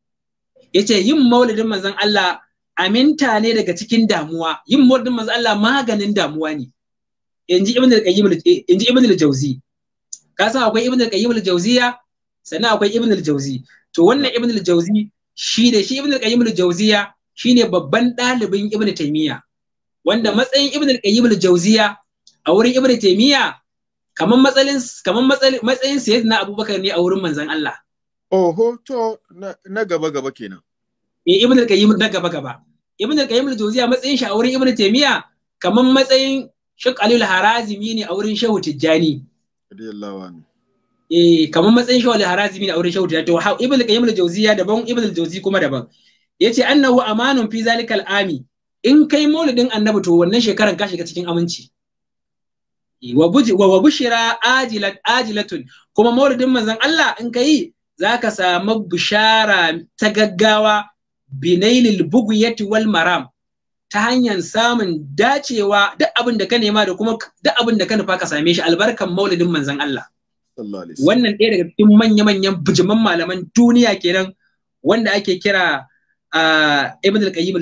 yace yin maulidin manzon Allah aminta ne daga cikin damuwa yin maulidin manzon Allah maganin damuwa ne inji ibn al-qayyim inji ibn al-jawzi ka san akwai ibn al-qayyim al-jawziya sannan akwai ibn al-jawzi to wannan ibn al-jawzi shi da shi ibn al-qayyim al-jawziya shine babban ɗalibin Ibn Taymiyya wanda matsayin Ibn al-Qayyim al-Jawziya a wurin Ibn Taymiyya kaman matsalin kaman matsayin Sayyidina Abubakar ne a wurin manzon Allah. Oho to na gaba gaba kenan. Eh Ibn al-Qayyim na gaba gaba. Ibn al-Qayyim al-Jawziya matsayin shi a wurin Ibn Taymiyya kaman matsayin Sheikh Ali al-Harazimi ne a wurin Shehu Tijjani. Radiyallahu anhu. Eh kaman matsayin Shehu al-Harazimi ne a wurin Shehu Tijjani to Ibn al-Qayyim al-Jawziya daban Ibn al-Jawzi kuma daban. Ya ce, annahu amanun fi zalikal ami in kai maulidin annabi to wannan shekaran ka shiga cikin aminci wa bushira ajilat ajilatun kuma maulidin Manzan Allah in kai zaka samu bishara ta gaggawa binailil buguyati wal maram ta hanyar samun dacewa duk abin da ka nema da kuma duk abin da ka nufa ka same shi albarkan maulidin manzon Allah wannan ɗaya daga cikin manya-manyan bijiman malaman duniya kenan wanda ake kira ibn al-qayyim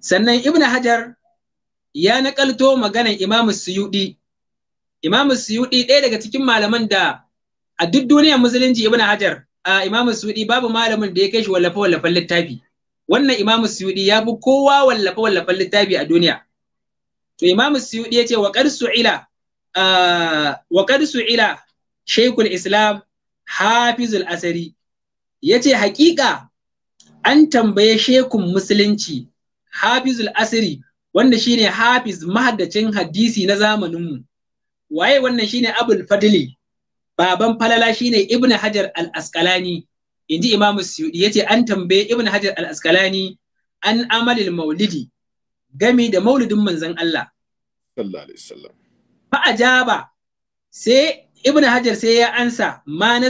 sannan ibn hajar ya nakalto maganar imam suyudi imam suyudi ɗaya daga cikin malaman da a duk duniyar musulunci ibn hajar a imam suyudi babu malamin da ya kai shi wallafa wallafan littafi wannan imam suyudi ya bi kowa wallafa wallafan littafi a duniya to imam suyudi ya ce wa qad su'ila wa islam hafizul asari ya ce haƙiƙa an tambaye shekun musulunci hafizul asiri wanda shine hafiz mahaddacin hadisi na zamaninmu waye wannan shine abul fadli baban falala shine ibn hajar al-asqalani inji imamu suyudi yace an tambaye ibn hajar al-asqalani an amalil maulidi gami da maulidin manzon Allah sallallahu alaihi wasallam fa ajaba sai ibn hajar sai ya ansa ma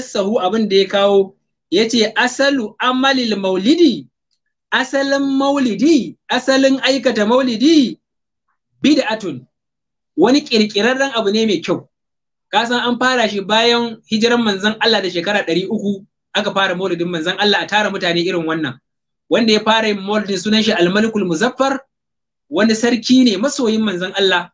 abin da ya kawo Ya ce asalu amalil maulidi asalin maulidi asalin aikata maulidi bid'atun wani kirkirarren abu ne mai kyau kasan an fara shi bayan hijiran manzon Allah da shekara ɗari uku aka fara maulidin manzon Allah a tara mutane irin wannan wanda ya fara yin maulidin sunan shi almalikul muzaffar wani sarki ne masoyin manzon Allah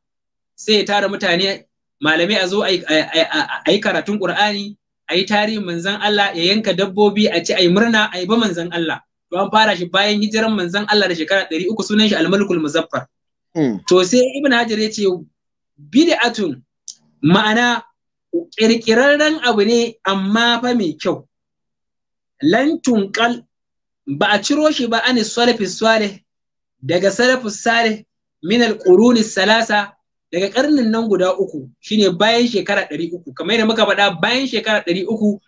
sai ya tara mutane malamai a zo a yi karatun qur'ani a yi tarihin manzan Allah ya yanka dabbobi a ci a yi murna a yi ba manzan Allah to an fara shi bayan hijiran manzan Allah da shekara ɗari uku sunan shi almalikul muzaffar hmm. to sai ibn hajar ya ce bid'atun ma'ana ƙirƙirarren abu ne amma fa mai kyau Lantun ƙal. ba a ciro shi ba an salafi salih daga salafus salih min al ƙuruni salasa daga karnin nan guda uku shine bayan shekara ɗari uku kamar yadda muka faɗa bayan shekara ɗari uku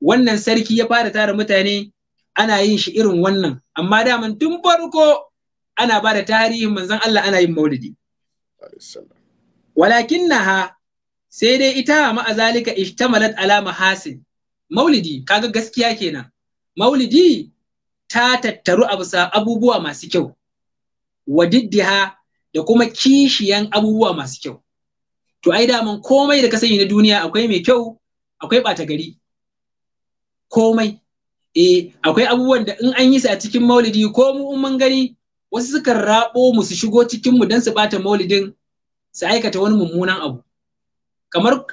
wannan sarki ya fara tara mutane ana yin shi irin wannan amma daman tun farko ana ba da tarihin manzon Allah ana yin maulidi walakin naha sai dai ita ma'azalika ishtamalat ala mahasin maulidi kaga gaskiya kenan maulidi ta tattaru abubuwa masu kyau wa diddiha da kuma kishiyan abubuwa masu kyau to ai daman komai da ka sani na duniya akwai mai kyau akwai bata gari komai eh akwai abubuwan da in an yi su a cikin maulidi ko mu in mun gani wasu sukan rabo mu su shigo cikin mu don su bata maulidin su aikata wani mummunan abu kamar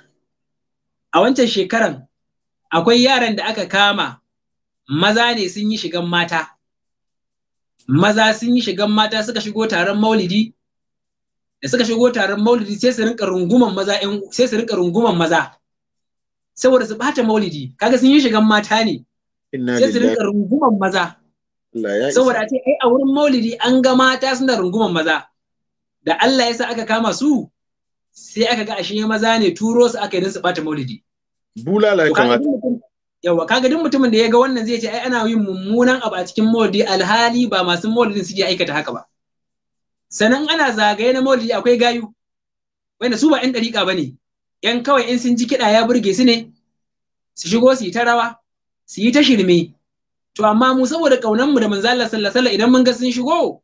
a wancan shekaran akwai yaran da aka kama maza ne sun yi shigan mata maza sun yi shigan mata suka shigo taron maulidi da suka shigo taron maulidi sai su rinka runguman maza sai su rinka runguman maza saboda su bata maulidi kaga sun yi shigan mata ne sai su rinka runguman maza saboda ce ai a wurin maulidi an ga mata suna runguman maza da Allah ya sa aka kama su sai aka ga ashe maza ne turo su aka yi don su bata maulidi bulala ya kamata yawa kaga duk mutumin da ya ga wannan zai ce ai ana yin mummunan abu a cikin maulidi alhali ba masu maulidin suke aikata haka ba sanan ana zagaye na maulidi akwai gayu wanda su ba 'yan ɗariƙa ba ne ‘yan kawai in sun ji kiɗa ya burge su ne su shigo su yi ta rawa su yi ta shirme to amma mu saboda ƙaunar mu da manzo Allah sallallahu alaihi idan mun ga sun shigo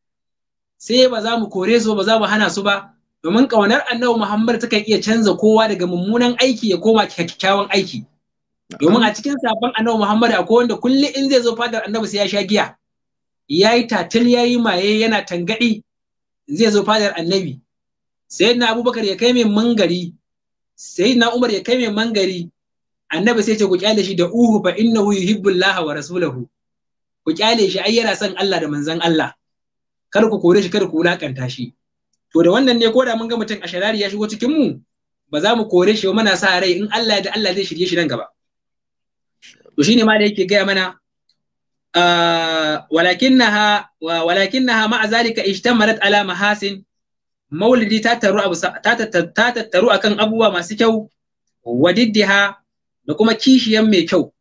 sai ba za mu kore su ba za mu hana su ba domin ƙaunar annabi Muhammad ta iya canza kowa daga mummunan aiki ya koma kyakkyawan aiki domin a cikin sabon annabi Muhammad akwai wanda kullum in zai zo fadar annabi sai ya sha giya yayi tatil yayi maye yana tangadi zai zo fadar annabi sayyidina abubakar ya kai mai mangari sayyidina umar ya kai mai mangari annabi sai ce ku kyale shi da uhu fa innahu yuhibbullaha wa rasulahu ku kyale shi ai yana son Allah da manzon Allah kar ku kore shi kar ku wulakanta shi to da wannan ne koda mun ga mutum a sharari ya shigo cikin mu ba za mu kore shi ba muna sa rai in Allah da Allah zai shirye shi nan gaba to shine ma da yake gaya mana ولكنها Naha, مع ذلك اجتملت على محاسن maulidi ta taru abu ta tattaru akan abubuwa masu kyau wadiddiha da kuma kishiyan mai kyau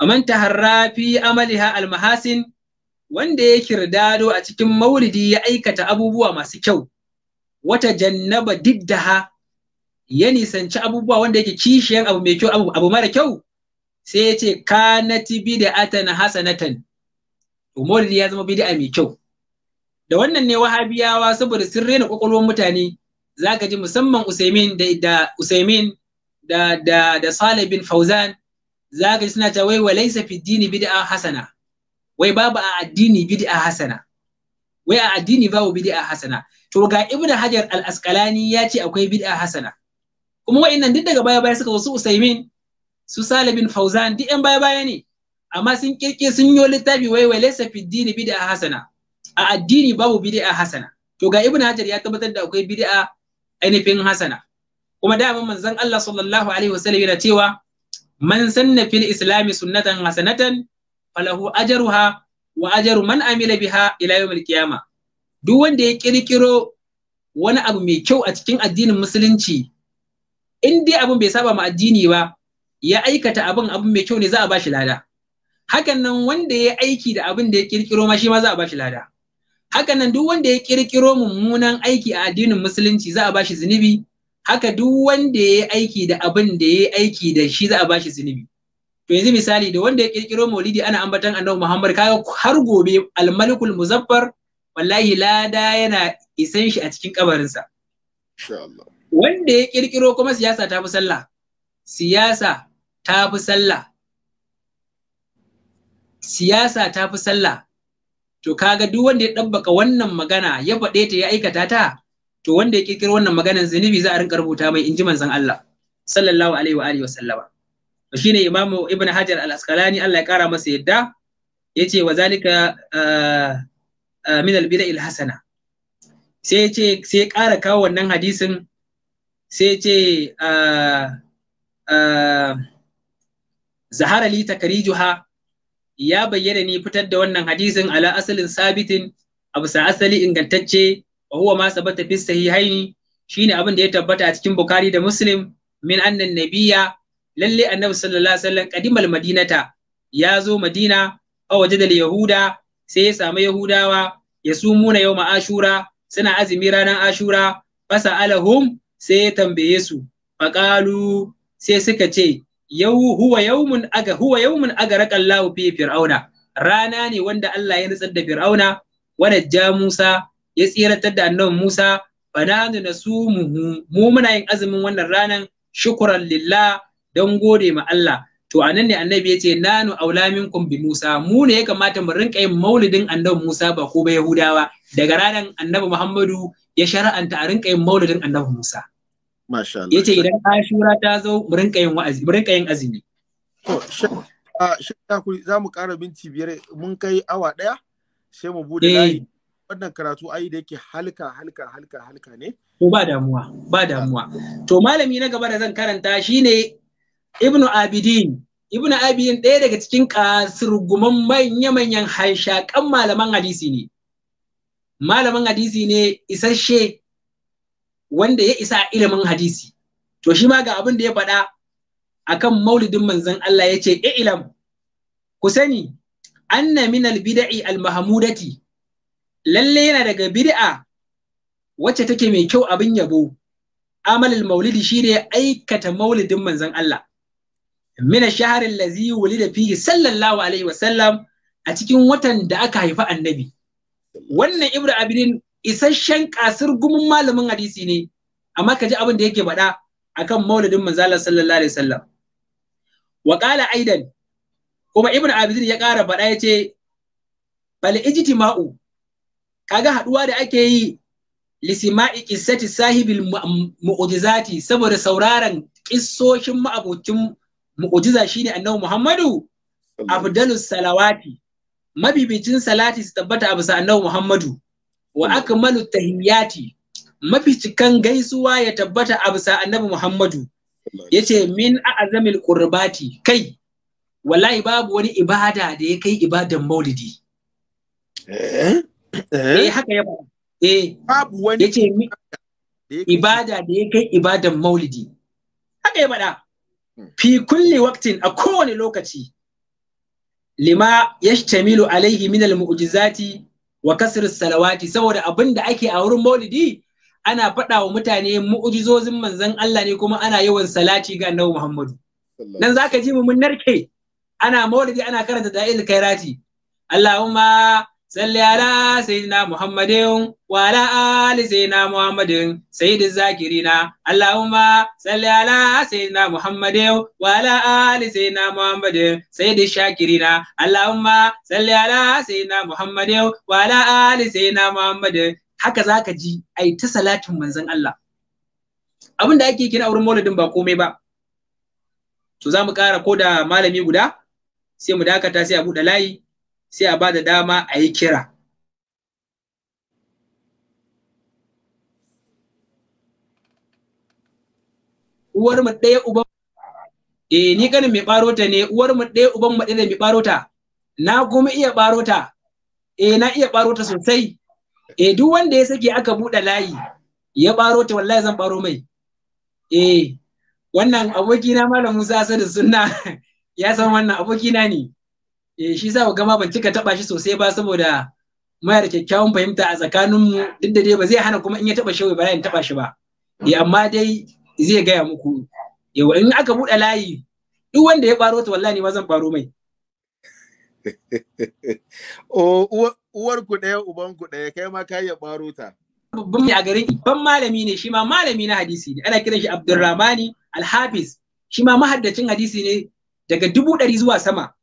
ta taharra fi amaliha almahasin wanda ya kirdado a cikin maulidi ya aikata abubuwa masu kyau wata jannaba diddaha ya nisanci abubuwa wanda yake kishiyan abu mai kyau abu mara kyau sai ya ce da bid'atan hasanatan umarni ya zama bid'a mai kyau da wannan ne wahabiyawa saboda sun rena kwakwalwar mutane zaka ji musamman usaimin da da usaimin da da da salih bin fauzan zaka ji suna ta wai walaysa fi dini bid'a hasana wai babu a addini bid'a hasana wai a addini babu bid'a hasana to ga ibnu hajar al-asqalani ya ce akwai bid'a hasana kuma wa'annan duk daga baya baya suka wasu usaimin su salih bin fauzan duk yan baya baya ne amma sun kirki sun yi littafi wai wai laysa fi dini bid'a hasana a addini babu bid'a hasana to ga ibnu hajar ya tabbatar da akwai bid'a ainihin hasana kuma mun manzon Allah sallallahu alaihi wasallam yana cewa man sanna fil islami sunnatan hasanatan falahu ajruha wa ajru man amila biha ila yawmil qiyama duk wanda ya kirkiro wani abu mai kyau a cikin addinin musulunci in dai abun bai saba ma addini ba ya aikata abin abun mai kyau ne za a bashi lada hakan nan wanda ya aiki da abin da ya kirkiro ma shi ma za a bashi lada hakan nan duk wanda ya kirkiro mummunan aiki a addinin musulunci za a bashi zunubi haka duk wanda ya aiki da abin da ya aiki da shi za a bashi zunubi to yanzu misali da wanda ya kirkiro maulidi ana ambatan annabi muhammad kaga har gobe almalikul muzaffar wallahi lada yana isan shi a cikin kabarinsa wanda ya kirkiro kuma siyasa ta fi sallah siyasa ta fi sallah siyasa ta fi sallah to kaga duk wanda ya ɗabbaka wannan magana ya faɗe ta ya aikata ta to wanda ya kirkiro wannan maganar zunubi za a rinka rubuta mai inji manzon Allah sallallahu alaihi wa alihi wa sallama to shine imamu ibnu hajar al-asqalani Allah ya kara masa yadda yace wa zalika ah, ah, min al-bida'i al-hasana sai yace sai kara kawo wannan hadisin sai yace ah, zahara li takrijuha ya bayyana ni fitar da wannan hadisin ala asalin sabitin a sa asali ingantacce wa huwa ma sabata fi sahihaini shine abin da ya tabbata a cikin Bukhari da Muslim min annan nabiyya lalle annabi sallallahu alaihi wasallam qadimal madinata ya zo Madina a waje da Yahuda sai ya samu Yahudawa ya sumuna yau ashura suna azumi ranar ashura fasa alahum sai ya tambaye su faƙalu sai suka ce yau huwa yawmun aga huwa yawmun aga raqallahu fi fir'auna rana ne wanda Allah ya nutsar da fir'auna wanda ja Musa ya tsiratar da annabi Musa fananu su mu muna yin azumin wannan ranan shukran lillah don gode ma Allah to anan ne annabi yace nanu aula bi Musa mu ne ya kamata mu rinka yin maulidin annabi Musa ba ko ba Yahudawa daga ranan annabi Muhammadu ya shar'anta a rinka yin maulidin annabi Musa Masha Allah. Yace idan Ashura ta zo mu rinka yin wa'azi, mu rinka yin azumi. To, shekara kuri za mu ƙara binci biyar mun kai awa ɗaya sai mu bude eh. layi. Wannan karatu ayi da yake halka halka halka halka ne. To ba damuwa, ba damuwa. To malami na gaba da zan karanta shine Ibn Abidin. Ibn Abidin ɗaya daga cikin kasurguman manya-manyan hanshakan malaman hadisi ne. Malaman hadisi ne isasshe wanda ya isa ilimin hadisi to shi ma ga abin da ya faɗa akan maulidin manzon Allah ya ce e, ilam ku sani anna min al almahmudati lalle yana daga bid'a wacce take mai kyau abin yabo amal maulidi shine aikata maulidin manzon Allah min al shahr allazi wulida fihi sallallahu alaihi wasallam a cikin watan da aka haifa annabi wannan ibnu abidin isasshen kasir gumin malamin hadisi ne amma kaji abin da yake baɗa akan maulidin manzala sallallahu alaihi wasallam wa qala aidan kuma ibnu abidin ya ƙara faɗa yace bal ijtima'u kaga haduwa da ake yi lisima'i qissati sahibil mu'jizati saboda sauraron kissoshin ma'abocin mu'jiza shine annabi Muhammadu afdalus salawati mabibicin salati su tabbata a bisa annabi Muhammadu wa hmm. akmalu tahiyyati mafi cikan gaisuwa ya tabbata a bisa annabi Muhammadu yace min a'zamil qurbati kai wallahi babu wani ibada da ya kai ibadan maulidi eh eh, eh haka ya eh babu wani yace ibada da ya kai ibadan maulidi haka ya faɗa hmm. fi kulli waqtin a kowane lokaci lima yashtamilu alaihi min al-mu'jizati wa kasir salawati saboda abin da ake a wurin maulidi ana faɗa wa mutane mu'ujizozin manzon Allah ne kuma ana yawan salati ga annabi Muhammadu nan zaka ji mu mun narke ana maulidi ana karanta da'il kairati Allahumma صل على سيدنا محمد وعلى آل سيدنا محمد سيد الذاكرين اللهم صل على سيدنا محمد وعلى آل سيدنا محمد سيد الشاكرين اللهم صل على سيدنا محمد وعلى آل سيدنا محمد haka za ka ji a yi ta salatin manzon Allah abin da ake kira wurin mauludin ba komai ba to za mu ƙara ko da malami guda sai mu dakata sai a buɗe layi sai a ba da dama a yi kira uwar mu ɗaya uban eh ni ganin mai ɓarota ne uwar mu ɗaya uban mu ɗaya mai ɓarota. na kuma iya ɓarota. eh na iya ɓarota sosai eh duk wanda ya sake aka buɗe layi ya ɓarota, wallahi zan baro mai eh wannan abokina malam Musa Asadu sunna ya san wannan abokina ne eh shi za ku gama ban cika taba shi sosai ba saboda muna da kyakkyawan fahimta a tsakanin mu duk da dai ba zai hana kuma in ya taba shi ba in taba shi ba eh amma dai zai gaya muku yau in aka buɗe layi duk wanda ya baro ta wallahi ma zan baro mai uwar ku ɗaya uban ku ɗaya kai ma kai ya baro ta babban mai a garin ban malami ne shi ma malami na hadisi ne ana kiran shi Abdulrahmani Alhafiz shi ma mahaddacin hadisi ne daga dubu ɗari zuwa sama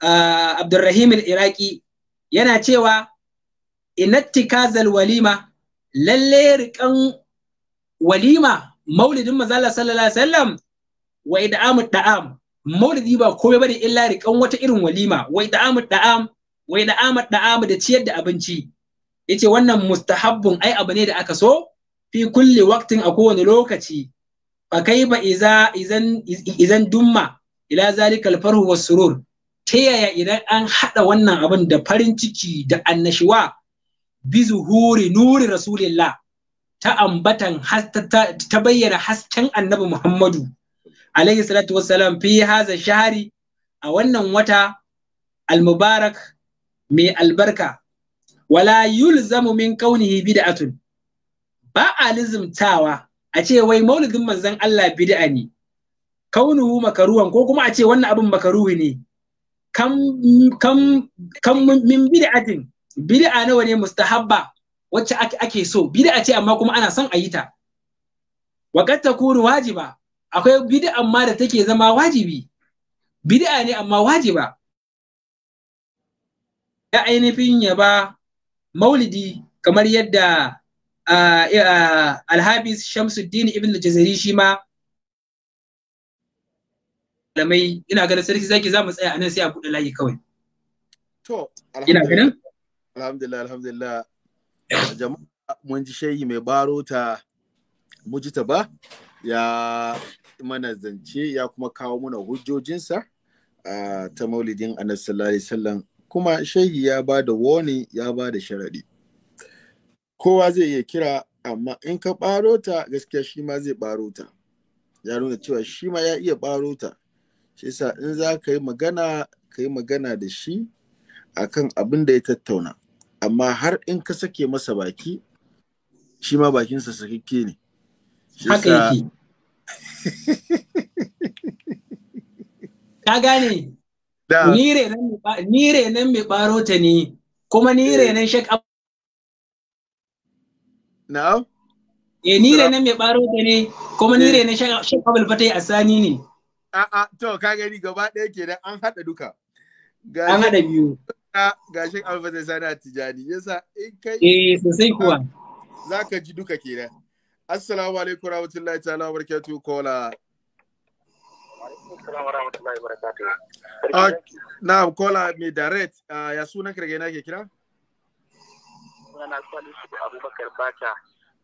abdurrahim al-Iraqi yana cewa inattikazal walima lalle rikan walima maulidin manzala sallallahu alaihi wasallam wa id'amu da'am maulidi ba komai bane illa rikan wata irin walima wa id'amu da'am wa id'amu da'am da ciyar da abinci yace wannan mustahabbun ai abu ne da aka so fi kulli waqtin a kowane lokaci fa kaifa iza izan izan dumma ila zalikal farhu was surur ta yaya idan an haɗa wannan abin da farin ciki da annashiwa bi zuhuri nuri rasulillah ta ambatan ta bayyana hasken annabi muhammadu alaihi salatu wassalam fi haza shahari a wannan wata almubarak mai albarka wala yulzamu min kaunihi bid'atun ba a lizimtawa a ce wai maulidin manzon Allah bid'a ne kaunuhu makaruwan ko kuma a ce wannan abin makaruhi ne kan min bid'atin bid'a nawa ne mustahabba wacce ake so bid'a ce amma kuma ana son a yi ta wa qad takunu wajiba akwai bid'a amma da take zama wajibi bid'a ne amma wajiba ya ainihin ya ba maulidi kamar yadda ah, ah, alhabis shamsuddin ibn al-jazari shi ma malamai ina ganin sarki zaki za mu tsaya anan sai a bude layi kawai to ina ganin alhamdulillah alhamdulillah jama'a mun ji shehi mai baro ta mujita ba ya mana zance ya kuma kawo mana hujjojinsa ta maulidin annabi sallallahu alaihi wasallam kuma shehi ya ba da wani ya ba da sharaɗi kowa zai iya kira amma in ka barota ta gaskiya shi ma zai barota ta ya nuna cewa shi ma ya iya barota ta shi yasa in za ka yi magana ka yi magana da shi a kan abin da ya tattauna amma har in ka sake masa baki shi ma bakinsa sakakke ne haka yake ka gane ni renan mai baro ta ne kuma ni renan shek na'am eh ni renan mai ɓaro ta ne kuma ni eh. renan shak eh, eh. abul fatai asani ne A'a, to ka gani gaba ɗaya kenan an haɗa duka. An haɗa biyu. Gashin alfata sana tijani. Yasa in kai. Eh, sosai kuwa. Za ka ji duka kenan. Assalamu alaikum warahmatullahi ta'ala wa barakatuhu kola. Na kola mai direct ah, ya sunan kirge na ke kira? Sunana Salisu Abubakar Bata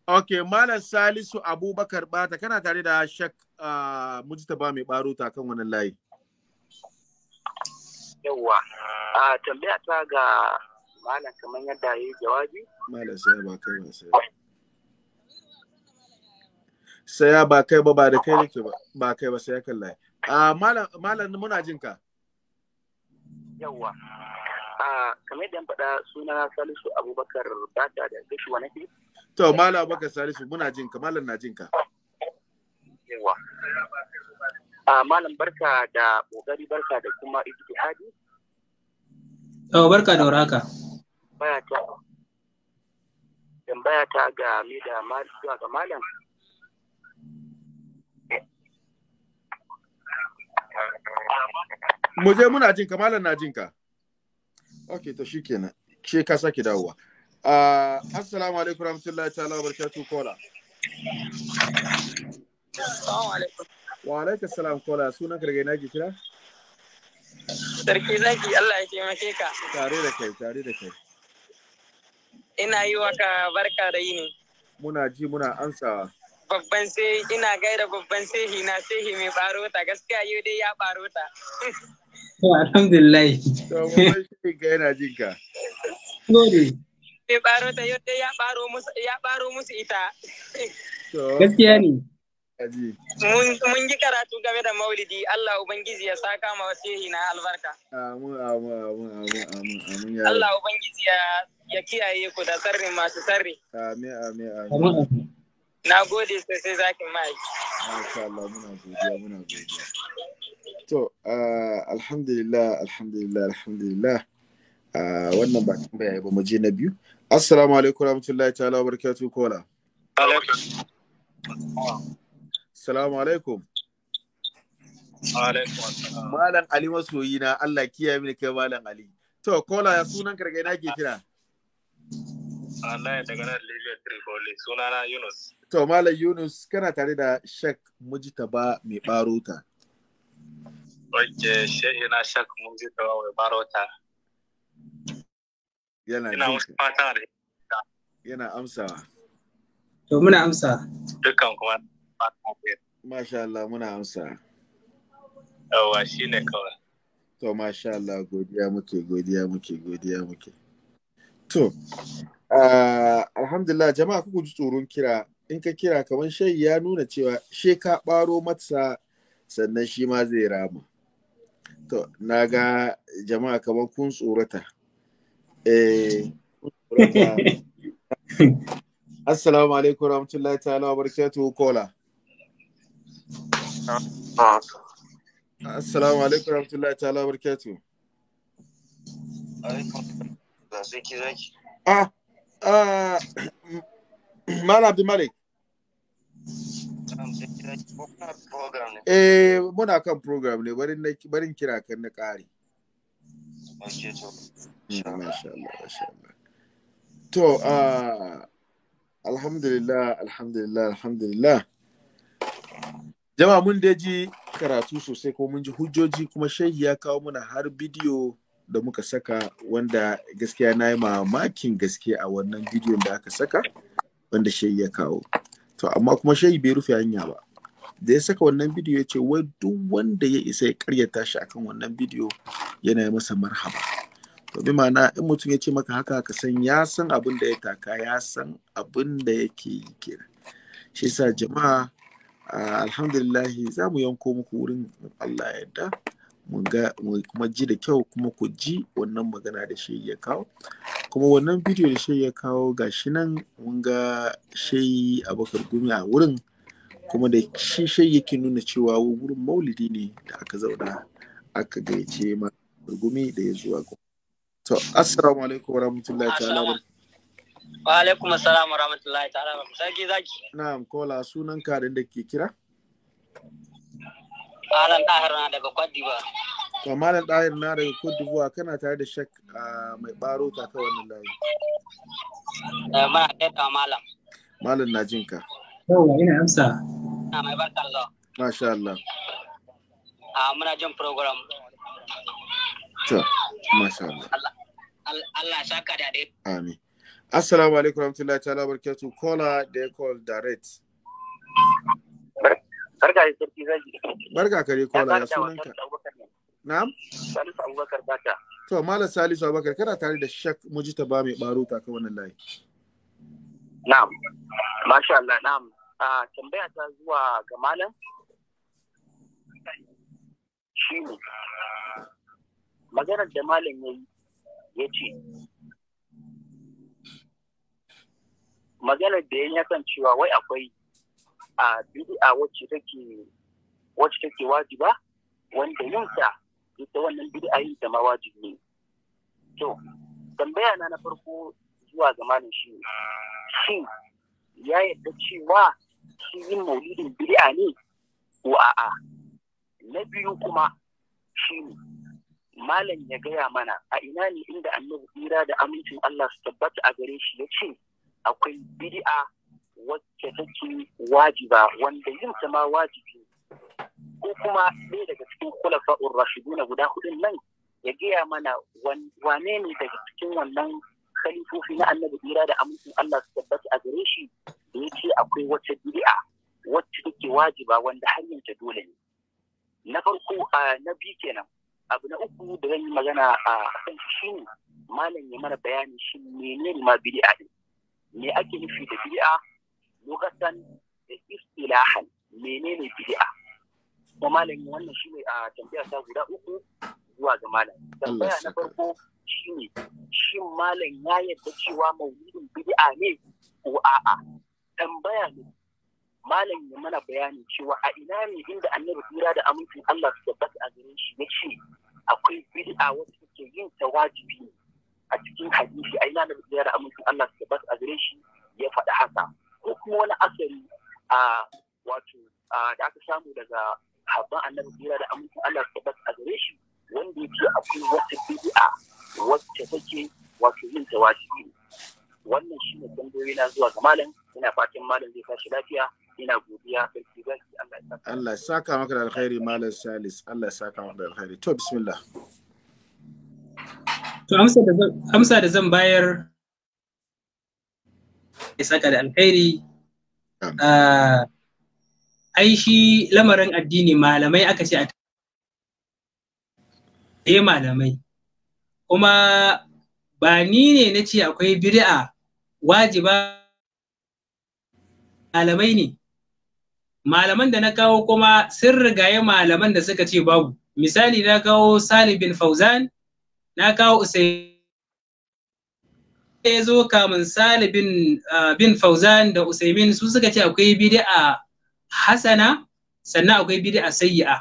Ok, Malam Salisu Abubakar Bata, kana tare da Shek uh, ah, Mujtaba mai baruta kan wannan layi. Yawwa, a ah, tambaya ta ga Malam kamar yadda ya yi jawabi. Malam sai ba kai ba sai. Sai ba kai ba ba da kai nake ba, ba kai ba sai ya kalla. Ah, Malam muna jin ka. Yawwa. a kamar yadda faɗa suna salisu abubakar bata da gashi wa nake to mala abubakar salisu muna jin ka malam na jin ka yawa a malam barka da kokari barka da kuma ijtihadi to barka da warhaka baya ta tambaya ta ga mi da zuwa ga malam Muje muna jinka, malam na jinka. ok to shi kenan ce ka sake dawowa uh, assalamu alaikum rahmatullahi ta'ala barkatu kola wa alaikum salam kola sunan karge na ji kira sarki zaki Allah ya taimake ka tare da kai tare da kai ina yi ka barka da yini muna ji muna ansawa babban sai ina gaida babban sehi na sehi mai barota gaskiya yau dai ya barota Alhamdulillah. yana jin ka. Bai baro ta yadda ya baro musu ya baro musu ita. Gaskiya ne. Mun karatu game da maulidi Allah Ubangiji ya saka ma na albarka. Amin amin amin amin amin Allah Ubangiji ya kiyaye ku da sarri masu sarri. Amin amin amin. Na gode sosai zakin mai. Masha Allah muna godiya muna godiya. To, eh, alhamdulillah, alhamdulillah, alhamdulillah. Eh, wannan ba tambaya ba mu je na biyu. Assalamu alaikum warahmatullahi ta'ala wa barakatuh kola. Assalamu alaikum. Malam Ali masoyi na Allah kiyaye mini kai Malam Ali. To, kola ya sunan karkai na ke kira. Allah daga nan Libya Tripoli sunana Yunus. To Malam Yunus kana tare da Mujita ba mai barota. Oke, yana na Mujita ba mai barota. Yana Ina da Yana amsawa. To muna amsa. Dukkan kuma Masha Allah muna amsa. shi shine kawai. To masha Allah godiya muke godiya muke godiya muke. To Ah, alhamdulillah jama'a kuku ji tsoron kira in ka kira kamar shayi ya nuna cewa she ka ɓaro matsa sannan shi ma zai rama to na ga jama'a kamar kun tsorata eh assalamu alaikum rahmatullahi ta'ala wa barakatuhu kola assalamu alaikum rahmatullahi ta'ala wa barakatuhu alaikum zaki zaki ah Uh, Mala Abdulmalik. Eh, muna kan program ne, barin kira kan na ƙari. To, uh, alhamdulillah, alhamdulillah, alhamdulillah. Jama mun da ji karatu sosai ko mun ji hujjoji kuma shehi ya kawo muna har bidiyo da muka saka wanda gaskiya na yi mamakin gaske a wannan bidiyon da aka saka wanda shayi ya kawo to amma kuma shayi bai rufe hanya ba da ya saka wannan bidiyo ya ce wai duk wanda ya isa ya karyata shi akan wannan bidiyo yana yi masa marhaba to bi ma'ana in mutum ya ce maka haka ka san ya san abin da ya taka ya san abin da yake yi kenan shi sa jama'a alhamdulillah za mu yanko muku wurin Allah ya yarda mu kuma ji da kyau kuma ku ji wannan magana da shi ya kawo kuma wannan bidiyo da shi ya kawo ga shi nan mun ga shi abakar gumi a wurin kuma da shi shi yake nuna cewa wurin maulidi ne da aka zauna aka gayyace ma gumi da ya zuwa to assalamu alaikum warahmatullahi ta'ala wa alaikum assalam wa rahmatullahi ta'ala sarki zaki na'am kola sunan ka da ke kira Malam Tahir na daga Cote d'Ivoire. Malam Tahir na daga Cote d'Ivoire kana tare da shek ah, mai baro ta ka wannan layi. Eh, muna tattawa malam. Malam na jin ka. Yau ina amsa. Na ah, mai barka Allah. Masha Allah. A ah, muna jin program. To masha Allah. Allah shaka da dai. Amin. Assalamu alaikum warahmatullahi ta'ala barakatuh. Kola da ya call direct. Barka da sarki zaki. Barka kare kola ya sunanka. Na'am. Salisu Abubakar Bata. To Malam Salisu Abubakar kana tare da Shak ta ba mai baro ta wannan layi. Na'am. Masha Allah na'am. A tambaya ta zuwa ga malam. Shi ne. Maganar da malam ya yi ya ce maganar da ya yi kan cewa wai akwai a bid'a wacce take wacce take wajiba wanda yin ta ita wannan bid'a yin ma wajibi ne to tambaya na na farko zuwa zamanin shi shin ya yadda cewa shi yin maulidin bid'a ne ko a'a na biyu kuma shi malam ya gaya mana a ina ne inda annabi tsira da amincin Allah su tabbata a gare shi ya ce akwai bid'a wacce take wajiba wanda yin ta ma wajibi ko kuma ɗaya daga cikin kulafa'ur rashiduna guda hudun nan ya gaya mana wane ne daga cikin wannan khalifofi na annabi ira da amincin Allah su tabbata a gare shi da ya ce akwai wacce bid'a wacce take wajiba wanda har ta dole ne na farko a na biyu kenan abu na uku da zan yi magana a kan shi ne malam ya mana bayani shi menene ma bid'a ne me ake nufi da bid'a lokacin da istilahan menene bid'a kuma malamin wannan shine ne a tambaya ta guda uku zuwa ga malam tambaya na farko shine shin malam ya yadda cewa maulidin bid'a ne ko a'a tambaya ne malam ya mana bayani cewa a ina ne inda annabi tsira da amincin Allah su tabbata a gare shi ya ce akwai bid'a wacce take yin ta wajibi a cikin hadisi a ina ne tsira da amincin Allah su tabbata a gare shi ya faɗi haka ko kuma wani asali a wato da aka samu daga habban annabi jira da amincin Allah ta bas a gare shi wanda ya ce akwai wata bid'a wacce take wato yin ta wajibi wannan shi ne tambayoyi na zuwa ga malam ina fatan malam zai tashi lafiya ina godiya sarki zaki Allah ya saka Allah ya saka maka da alkhairi malam Salis Allah ya saka maka da alkhairi to bismillah to amsa da zan bayar ya saka da alkhairi ah, ai shi lamarin addini malamai aka ce a malamai kuma ba ni ne na ce akwai bid'a wajiba malamai ne malaman da na kawo kuma sun rigaye malaman da suka ce babu misali na kawo salibin fauzan na kawo usai da ya zo kamun Sali bin, bin Fauzan da Usaimin su suka ce akwai bid'a hasana sannan akwai bid'a sayyi'a.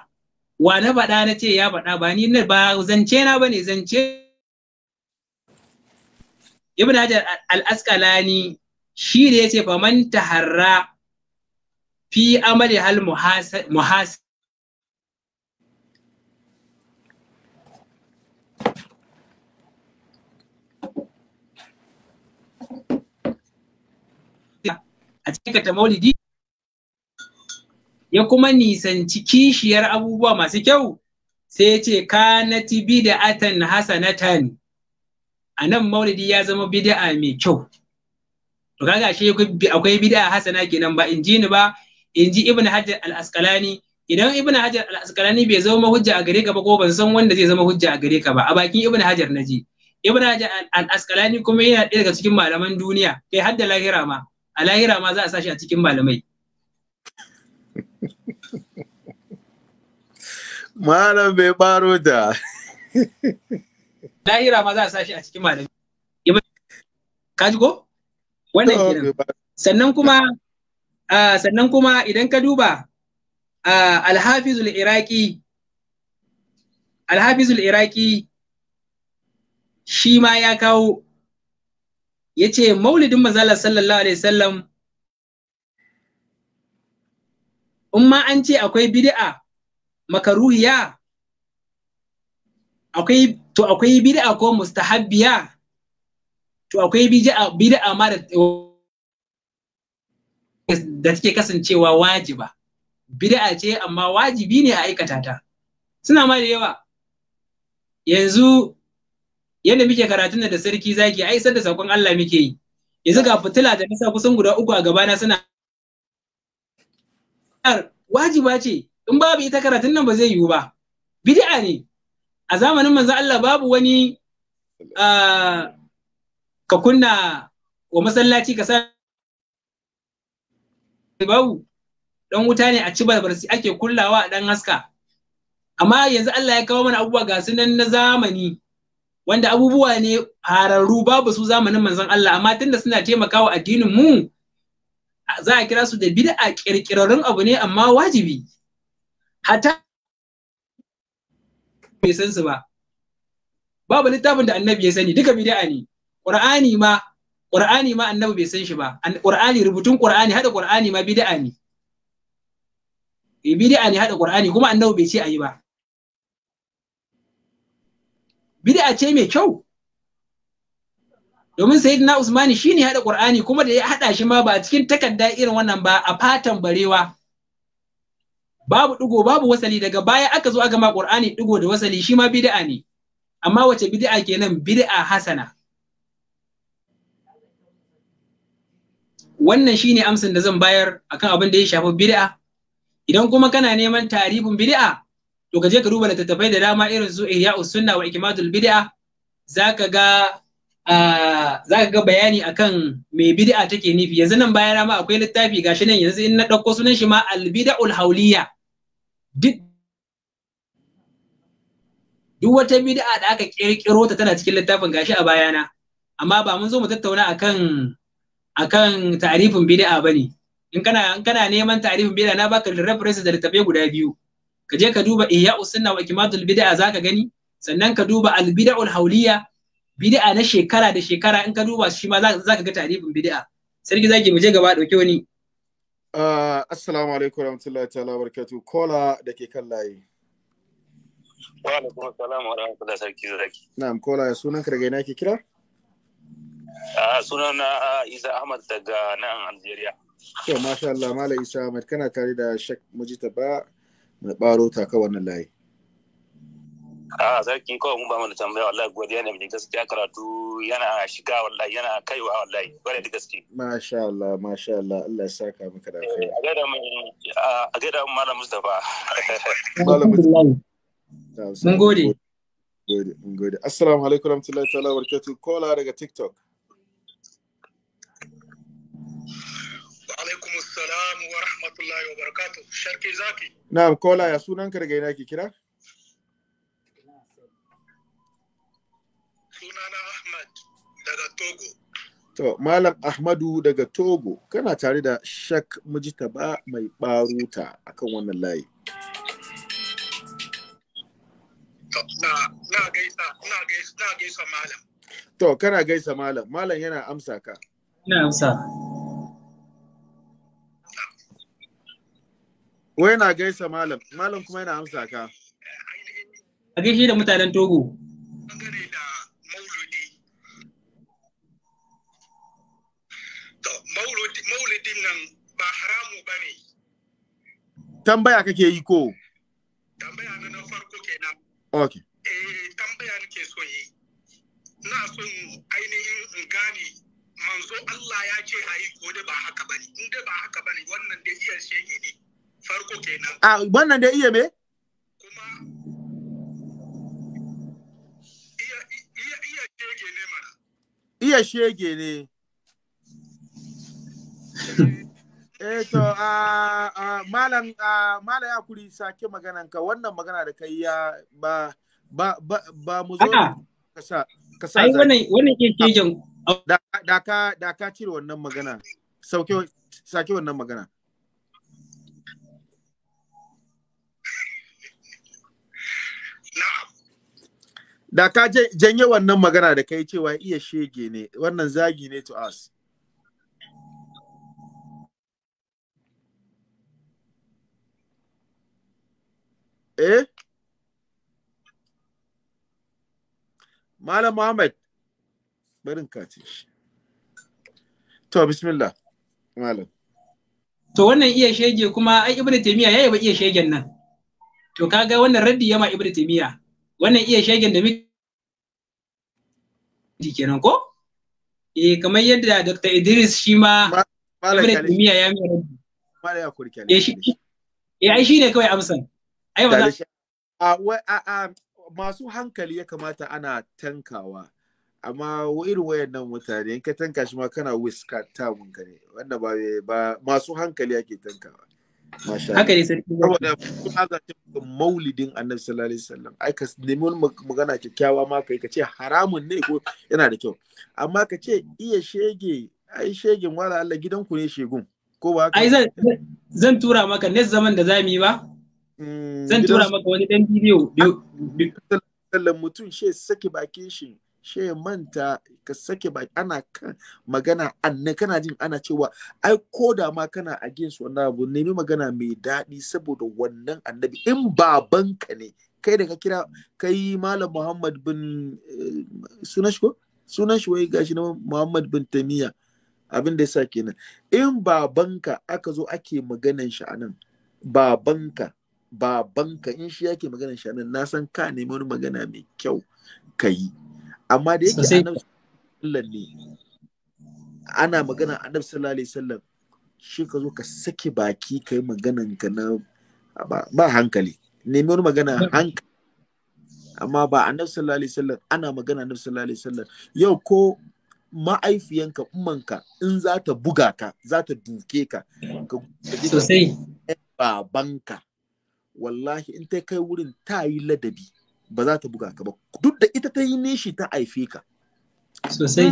Wa na faɗa na ce ya faɗa ba ni ba zance na bane zance Ibn Hajar al-Asqalani shi da yace man taharra fi amali hal muhasa a cikin ta maulidi ya kuma nisanci kishiyar abubuwa masu kyau sai ya ce kanati bid'atan hasanatan a nan maulidi ya zama bid'a mai kyau to kaga shi akwai bid'a hasana kenan ba in ji ni ba in ji hajar al-asqalani idan ibn hajar al-asqalani bai zama hujja a gare ka ba ko ban san wanda zai zama hujja a gare ka ba a bakin ibn hajar naji ibn hajar al-asqalani kuma yana ɗaya daga cikin malaman duniya kai har da lahira ma a lahira ma za a sashi a cikin malamai malam bai baro da lahira ma za a sashi a cikin malamai ka ji ko wannan kenan sannan kuma sannan kuma idan ka duba alhafizul alhafizul iraki shi ma ya kawo ya ce maulidin mazala sallallahu alaihi sallam in ma an ce akwai bid'a makaruhiya akwai to akwai bid'a ko mustahabbiya to akwai bid'a ma da da take kasancewa wajiba bid'a ce amma wajibi ne a aikata ta suna ma da yawa yanzu yadda muke karatun da sarki zaki ai da sakon Allah muke yi yanzu ga fitila da nisa kusan guda uku a gabana suna wajiba ce in babu ita karatun nan ba zai yiwu ba bid'a ne a zamanin manzo Allah babu wani ka kunna wa masallaci ka sa babu dan wuta ne a ci barbarsi ake kullawa a dan haska amma yanzu Allah ya kawo mana abubuwa ga sunan na zamani wanda abubuwa ne hararru babu su zamanin manzon Allah amma tunda suna taimakawa addinin mu za a kira su da bid'a kirkirarrun abu ne amma wajibi Hata bai san su ba babu littafin da annabi ya sani duka bid'a ne qur'ani ma qur'ani ma annabi bai san shi ba qur'ani rubutun qur'ani hada qur'ani ma bid'a ne eh, bid'a ne hada qur'ani kuma annabi bai ce ayi ba bid'a ce mai kyau domin sayyidina usmani shine hada qur'ani kuma da ya hada shi ma ba cikin takarda irin wannan ba a fatan barewa babu ɗigo babu wasali daga baya aka zo aka ma qur'ani ɗigo da wasali shi ma bid'a ne amma wace bid'a kenan bid'a hasana wannan shine amsin da zan bayar akan abin da ya shafi bid'a idan kuma kana neman tarihin bid'a to ka je ka duba littattafai da dama irin su ihya sunna wa ikimatul bid'a zaka ga zaka ga bayani akan me bid'a take nufi yanzu nan bayan rama akwai littafi gashi nan yanzu in na dauko sunan shi ma al bid'ul hawliya duk wata bid'a da aka kirkiro ta tana cikin littafin gashi a bayana amma ba mun zo mu tattauna akan akan tarifin bid'a bane in kana in kana neman tarifin bid'a na baka reference da littafai guda biyu ka je ka duba ihya usunna wa ikmadul bid'a zaka gani sannan ka duba al bid'ul hauliya bid'a na shekara da shekara in ka duba shi ma zaka ga tarihin bid'a sarki zaki mu je gaba dauke wani uh, assalamu alaikum warahmatullahi ta'ala barakatuh kola da ke kan layi wa alaikum assalam wa rahmatullahi sarki zaki na'am kola ya sunan ka daga ina ke kira ah, sunan Isa Ahmad daga nan Algeria to masha Allah Malam Isa Ahmad kana tare da Sheikh Mujitaba mai baro ta wannan layi a sarki kawai mun ba mu da tambaya wallahi godiya ne mai gaskiya karatu yana shiga wallahi yana kaiwa wallahi bare da gaske masha Allah masha Allah Allah ya saka maka da kai eh, a gaida mu a gaida mu malam Mustafa malam Mustafa mun gode gode mun gode assalamu alaikum warahmatullahi ta'ala barakatuh kola daga TikTok wa alaikum assalam wa rahmatullahi wa barakatu sharki zaki na'am kola ya sunan ka daga ina ke kira sunana ahmad daga togo to malam ahmadu daga togo kana tare da shak ba mai baruta akan wannan layi na gaisa na gaisa na gaisa malam to kana gaisa malam malam yana amsa ka ina amsa Wai na gaisa malam, malam kuma yana amsa ka. A gaishe da mutanen Togo. mauludin nan ba haramu ba ne. Tambaya kake yi ko? Tambaya na na farko kenan. Ok. Eh tambaya nake so yi. Na son ainihin in gane manzo Allah ya ce a yi ko da ba haka ba ne. In ba haka ba ne wannan da iya shege ne. farko kenan a ah, wannan da iya me kuma iya iya shege ne mana iya shege ne eh to a ah, ah, malam a malam ya kuri sake maganan ka wannan magana da kai ya ba ba ba, ba mu zo ka sa ka sa ai wannan wannan ke kejin da ka da ka cire wannan magana sauke sake wannan magana da ka janye wannan magana da kai cewa iya shege ne wannan zagi ne to us eh Malam Muhammad barin kace to bismillah malam to wannan iya shege kuma ai ibnu taymiya yayi ba iya shegen nan to kaga wannan raddi yama ibnu taymiya wannan iya shegen da miji kenan ko eh kamar yadda Dr. Idris shi ma Ibrahim Dimiya ya miyar Malaya kurken. Eh, eh ai shi ne kawai amsan. Ai ba za a a masu hankali ya kamata ana tankawa. amma irin nan mutane in ka tanka shi ma kana wiska ta mun ne wanda ba masu hankali ake tankawa haka ne sarki saboda kuma ga maulidin annabi sallallahu alaihi wasallam ai ka nemi wani magana kyakkyawa ma kai ka ce haramun ne ko yana da kyau amma ka ce iya shege ai shegen wala Allah gidanku ne shegun ko ba ai zan zan tura maka ne zaman da zamu yi ba mm, zan tura maka wani dan bidiyo sallallahu alaihi wasallam mutum she saki bakin shi she manta ka sake ba ana kan magana anne kana jin ana cewa ai ko da ma kana against wannan abu nemi magana mai daɗi saboda wannan annabi in babanka ne kai da ka kira kai malam muhammad bin eh, sunan shi ko sunan shi wai gashi na muhammad bin tamiya abin da yasa kenan in babanka aka zo ake maganan shi anan babanka babanka in shi yake maganan shi anan na san ka nemi wani magana mai kyau ka yi amma da yake annabi sallallahu ne ana magana annabi sallallahu alaihi wasallam shi ka zo ka sake baki kai maganan ka na ba hankali nemi wani magana hankali amma ba annabi sallallahu alaihi wasallam ana magana annabi sallallahu alaihi wasallam yau ko ma'aifiyanka ummanka in za ta buga ka za ta duke ka sosai babanka wallahi in ta kai wurin ta yi ladabi ba za ta buga ka ba duk da ita ta yi nishi ta haife ka sosai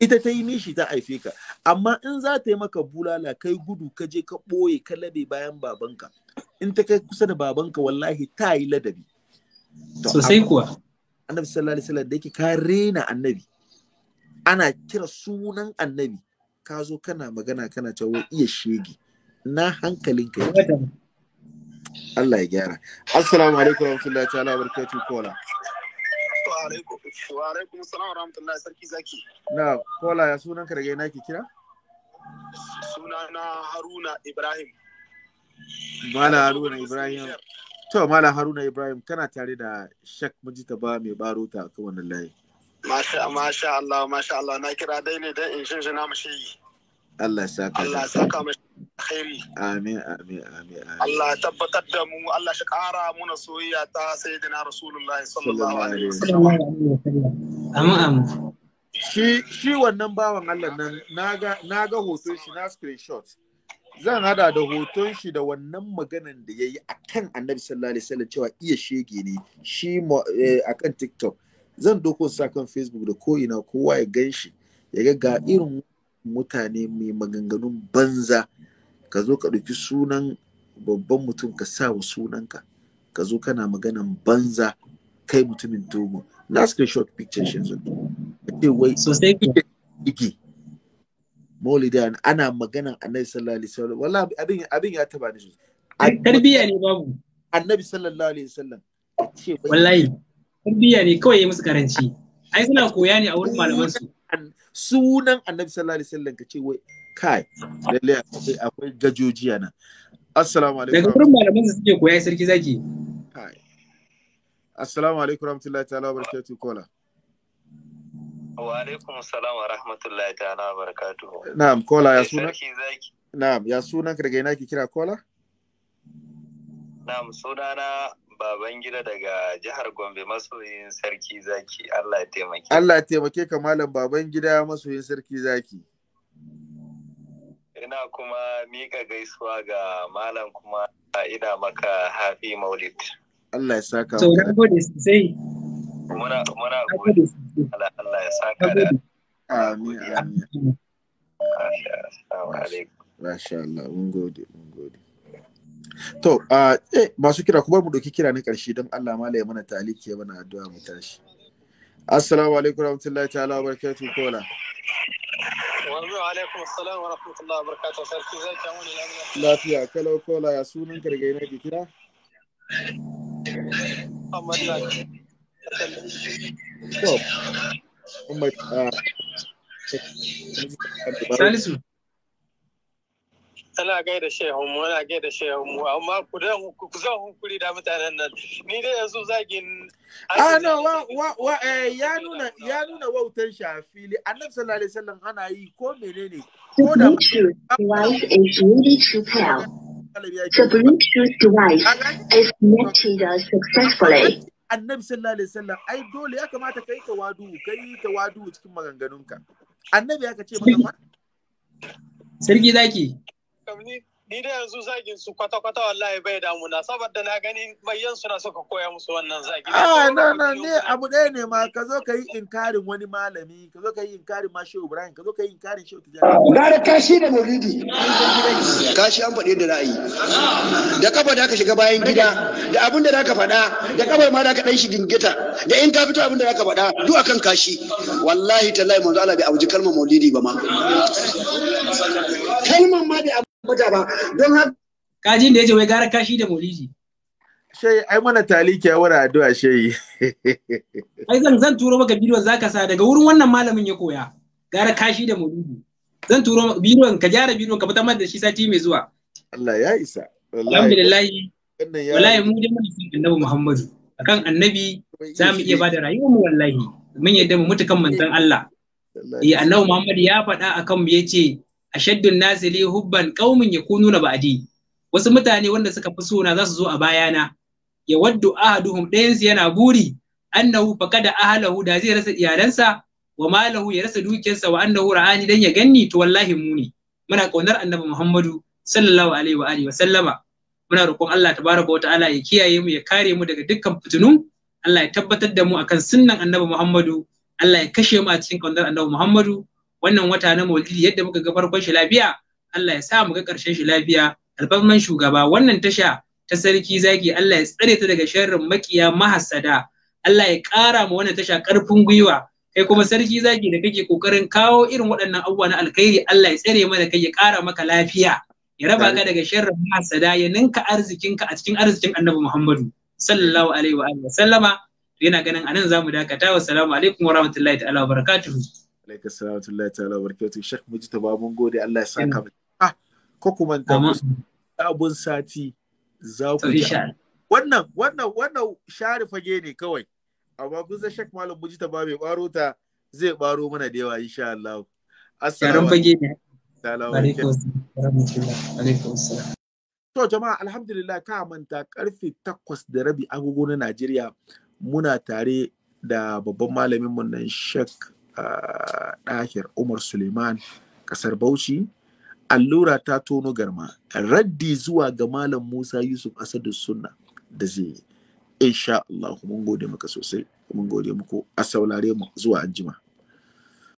ita ta yi nishi ta haife ka amma in za ta yi maka bulala kai gudu ka je ka ɓoye ka labe bayan babanka in ta kai kusa da babanka wallahi ta yi ladabi sosai kuwa annabi sallallahu alaihi wasallam da yake ka rena annabi ana kira sunan annabi ka zo kana magana kana cewa iya shege na hankalinka Allah ya gyara assalamu alaikum warahmatullahi ta'ala barkatu kola wa alaikum wa assalam warahmatullahi sarki zaki na kola ya sunan ka daga ina ke kira sunana haruna ibrahim mala haruna ibrahim to mala haruna ibrahim kana tare da shak mujitaba mai barota, a kowane layi Masha, masha Allah, masha Allah, na kira dai ne don in shi mashi yi. Allah ya saka. Allah ya saka mashi. alkhairi amin amin amin Allah ya tabbatar da mu Allah shi kara muna soyayya ta sai sayyidina rasulullah sallallahu alaihi wasallam amin amin shi shi wannan bawan Allah nan na ga hoton shi na screenshot zan hada da hoton shi da wannan maganan da ya yayi akan annabi sallallahu alaihi wasallam cewa iya shege ne shi eh, kan tiktok zan doko sa kan facebook da ko ina kowa ya gan shi ya ga ga irin mutane mai maganganun banza ka zo ka ɗauki sunan babban mutum ka sa wa sunanka ka zo kana maganan banza kai mutumin togo na short picture shi yanzu ce wai sosai maulidi ana maganan annabi sallallahu alaihi wasallam wallahi abin abin ya taba ni sosai Karbiya ne babu annabi sallallahu alaihi wasallam wallahi Karbiya ne kawai ya musu karanci ai suna koya ne a wurin malaman su sunan annabi sallallahu alaihi wasallam ka ce wai kai lalle akwai gajoji nan assalamu alaikum daga wurin malaman suke koya sarki zaki kai assalamu alaikum rahmatullahi ta'ala wa barakatuh kola wa alaikum salam wa rahmatullahi ta'ala wa barakatuh na'am kola ya suna na'am ya sunan daga ina ki kira kola na'am sunana baban gida daga jihar Gombe masoyin sarki zaki Allah ya taimake Allah ya taimake ka malam baban gida masoyin sarki zaki ina kuma mika gaisuwa ga malam kuma ina maka hafi maulid. Allah ya saka. So, Sauran gode sai. Muna muna gode. Allah ya saka da. Amin amin. Masha Allah, mun gode, mun gode. To, uh, eh, masu kira kuma mu ɗauki kira na ƙarshe don Allah ma mana taliki ya mana addu'a mu tashi. Assalamu alaikum warahmatullahi ta'ala wa barakatuh kola. wa alaikum assalam wa sarki zai kawo ne lafiya kalau kola ya sunan karge ne ki kira Muhammad ah, Salisu ana da shehun mu ana da shehun mu amma ku dan ku zan hukuri da mutanen nan ni dai yanzu zagin a ah, no wa wa, eh, ya nuna ya nuna wautan shafili fili annabi sallallahu alaihi wasallam ana yi ko menene ko da is ready to The Bluetooth device is connected successfully. Annabi sallallahu alaihi wasallam ai dole ya kamata kai wadu kai wadu cikin maganganunka. Annabi ya ce maka Sarki zaki. kamni ni da yanzu zagin su kwata-kwata wallahi bai na saboda na gani bayan suna suka koya musu wannan zagi. Ah, na, na ne abu ɗaya ne ma ka zo ka yi inkarin wani malami, ka zo ka yi inkarin ma Shehu Ibrahim, ka zo ka yi inkarin Shehu Tijjani. da kashi da Maulidi. Kashi an faɗi da ra'ayi. Da kafa da ka shiga bayan gida, da abin da ka faɗa, da kafa ma da ka ɗan shi gingita, da in ka fito abin da ka faɗa, duk akan kashi. Wallahi tallahi manzo Allah bai auji kalmar Maulidi ba ma. Kalmar ma bai mota ba don haka kajin da yace wai gara kashi da maulidi shey ai mana taliki ya wara addu'a shey ai zan zan turo maka bidiyon zaka sa daga wurin wannan malamin ya koya gara kashi da maulidi zan turo maka bidiyon ka gyara bidiyon ka fitar da shi sati mai zuwa Allah ya isa alhamdulillah wallahi mu da mun san annabi Muhammadu akan annabi za mu iya bada rayuwar mu wallahi mun yadda mu mutu kan manzon Allah eh annabi Muhammadu ya faɗa akan mu yace ashaddu nasi li hubban qaumin na ba'di wasu mutane wanda suka fi sona za su zo a bayana ya waddu ahaduhum ɗayansu yana buri annahu faqada ahlahu da zai rasa iyalansa wa malahu ya rasa dukiyarsa wa annahu ra'ani dan ya ganni to wallahi muni muna kaunar annabi Muhammadu sallallahu alaihi wa alihi wa sallama muna roƙon Allah tabaraka wa ta'ala ya kiyaye mu ya kare mu daga dukkan fitinu Allah ya tabbatar da mu akan sunnan annabi Muhammadu Allah ya kashe mu a cikin kaunar annabi Muhammadu wannan wata na maulidi yadda muka ga farkon shi lafiya Allah ya sa mu ga ƙarshen shi lafiya alfarman shugaba wannan tasha ta sarki zaki Allah ya tsare ta daga sharrin makiya mahassada. Allah ya ƙara ma wannan tasha ƙarfin gwiwa kai kuma sarki zaki da kake kokarin kawo irin waɗannan abubuwa na alkhairi Allah ya tsare mana kai ya ƙara maka lafiya ya raba ka daga sharrin mahasada ya ninka arzikinka a cikin arzikin Annabi Muhammadu sallallahu alaihi wa alihi sallama yana ganin anan zamu dakata wa assalamu alaikum wa rahmatullahi ta'ala wa barakatuhu alaika salamatullahi ta'ala barkatu shek mujita ba mun gode Allah ya saka mu ah ko ta abun sati za ku ji wannan wannan wannan share fage ne kawai amma kun san shek malam mujita ba mai baro ta zai baro mana da yawa insha Allah assalamu alaikum To jama'a alhamdulillah ka manta karfe takwas da rabi agogo na Najeriya muna tare da babban malamin mu nan ɗakin umar suleiman ƙasar bauchi allura ta tono garma raddi zuwa ga malam musa yusuf asadu sunna da zai yi insha Allah mun gode maka sosai mun gode muku a saulare mu zuwa anjima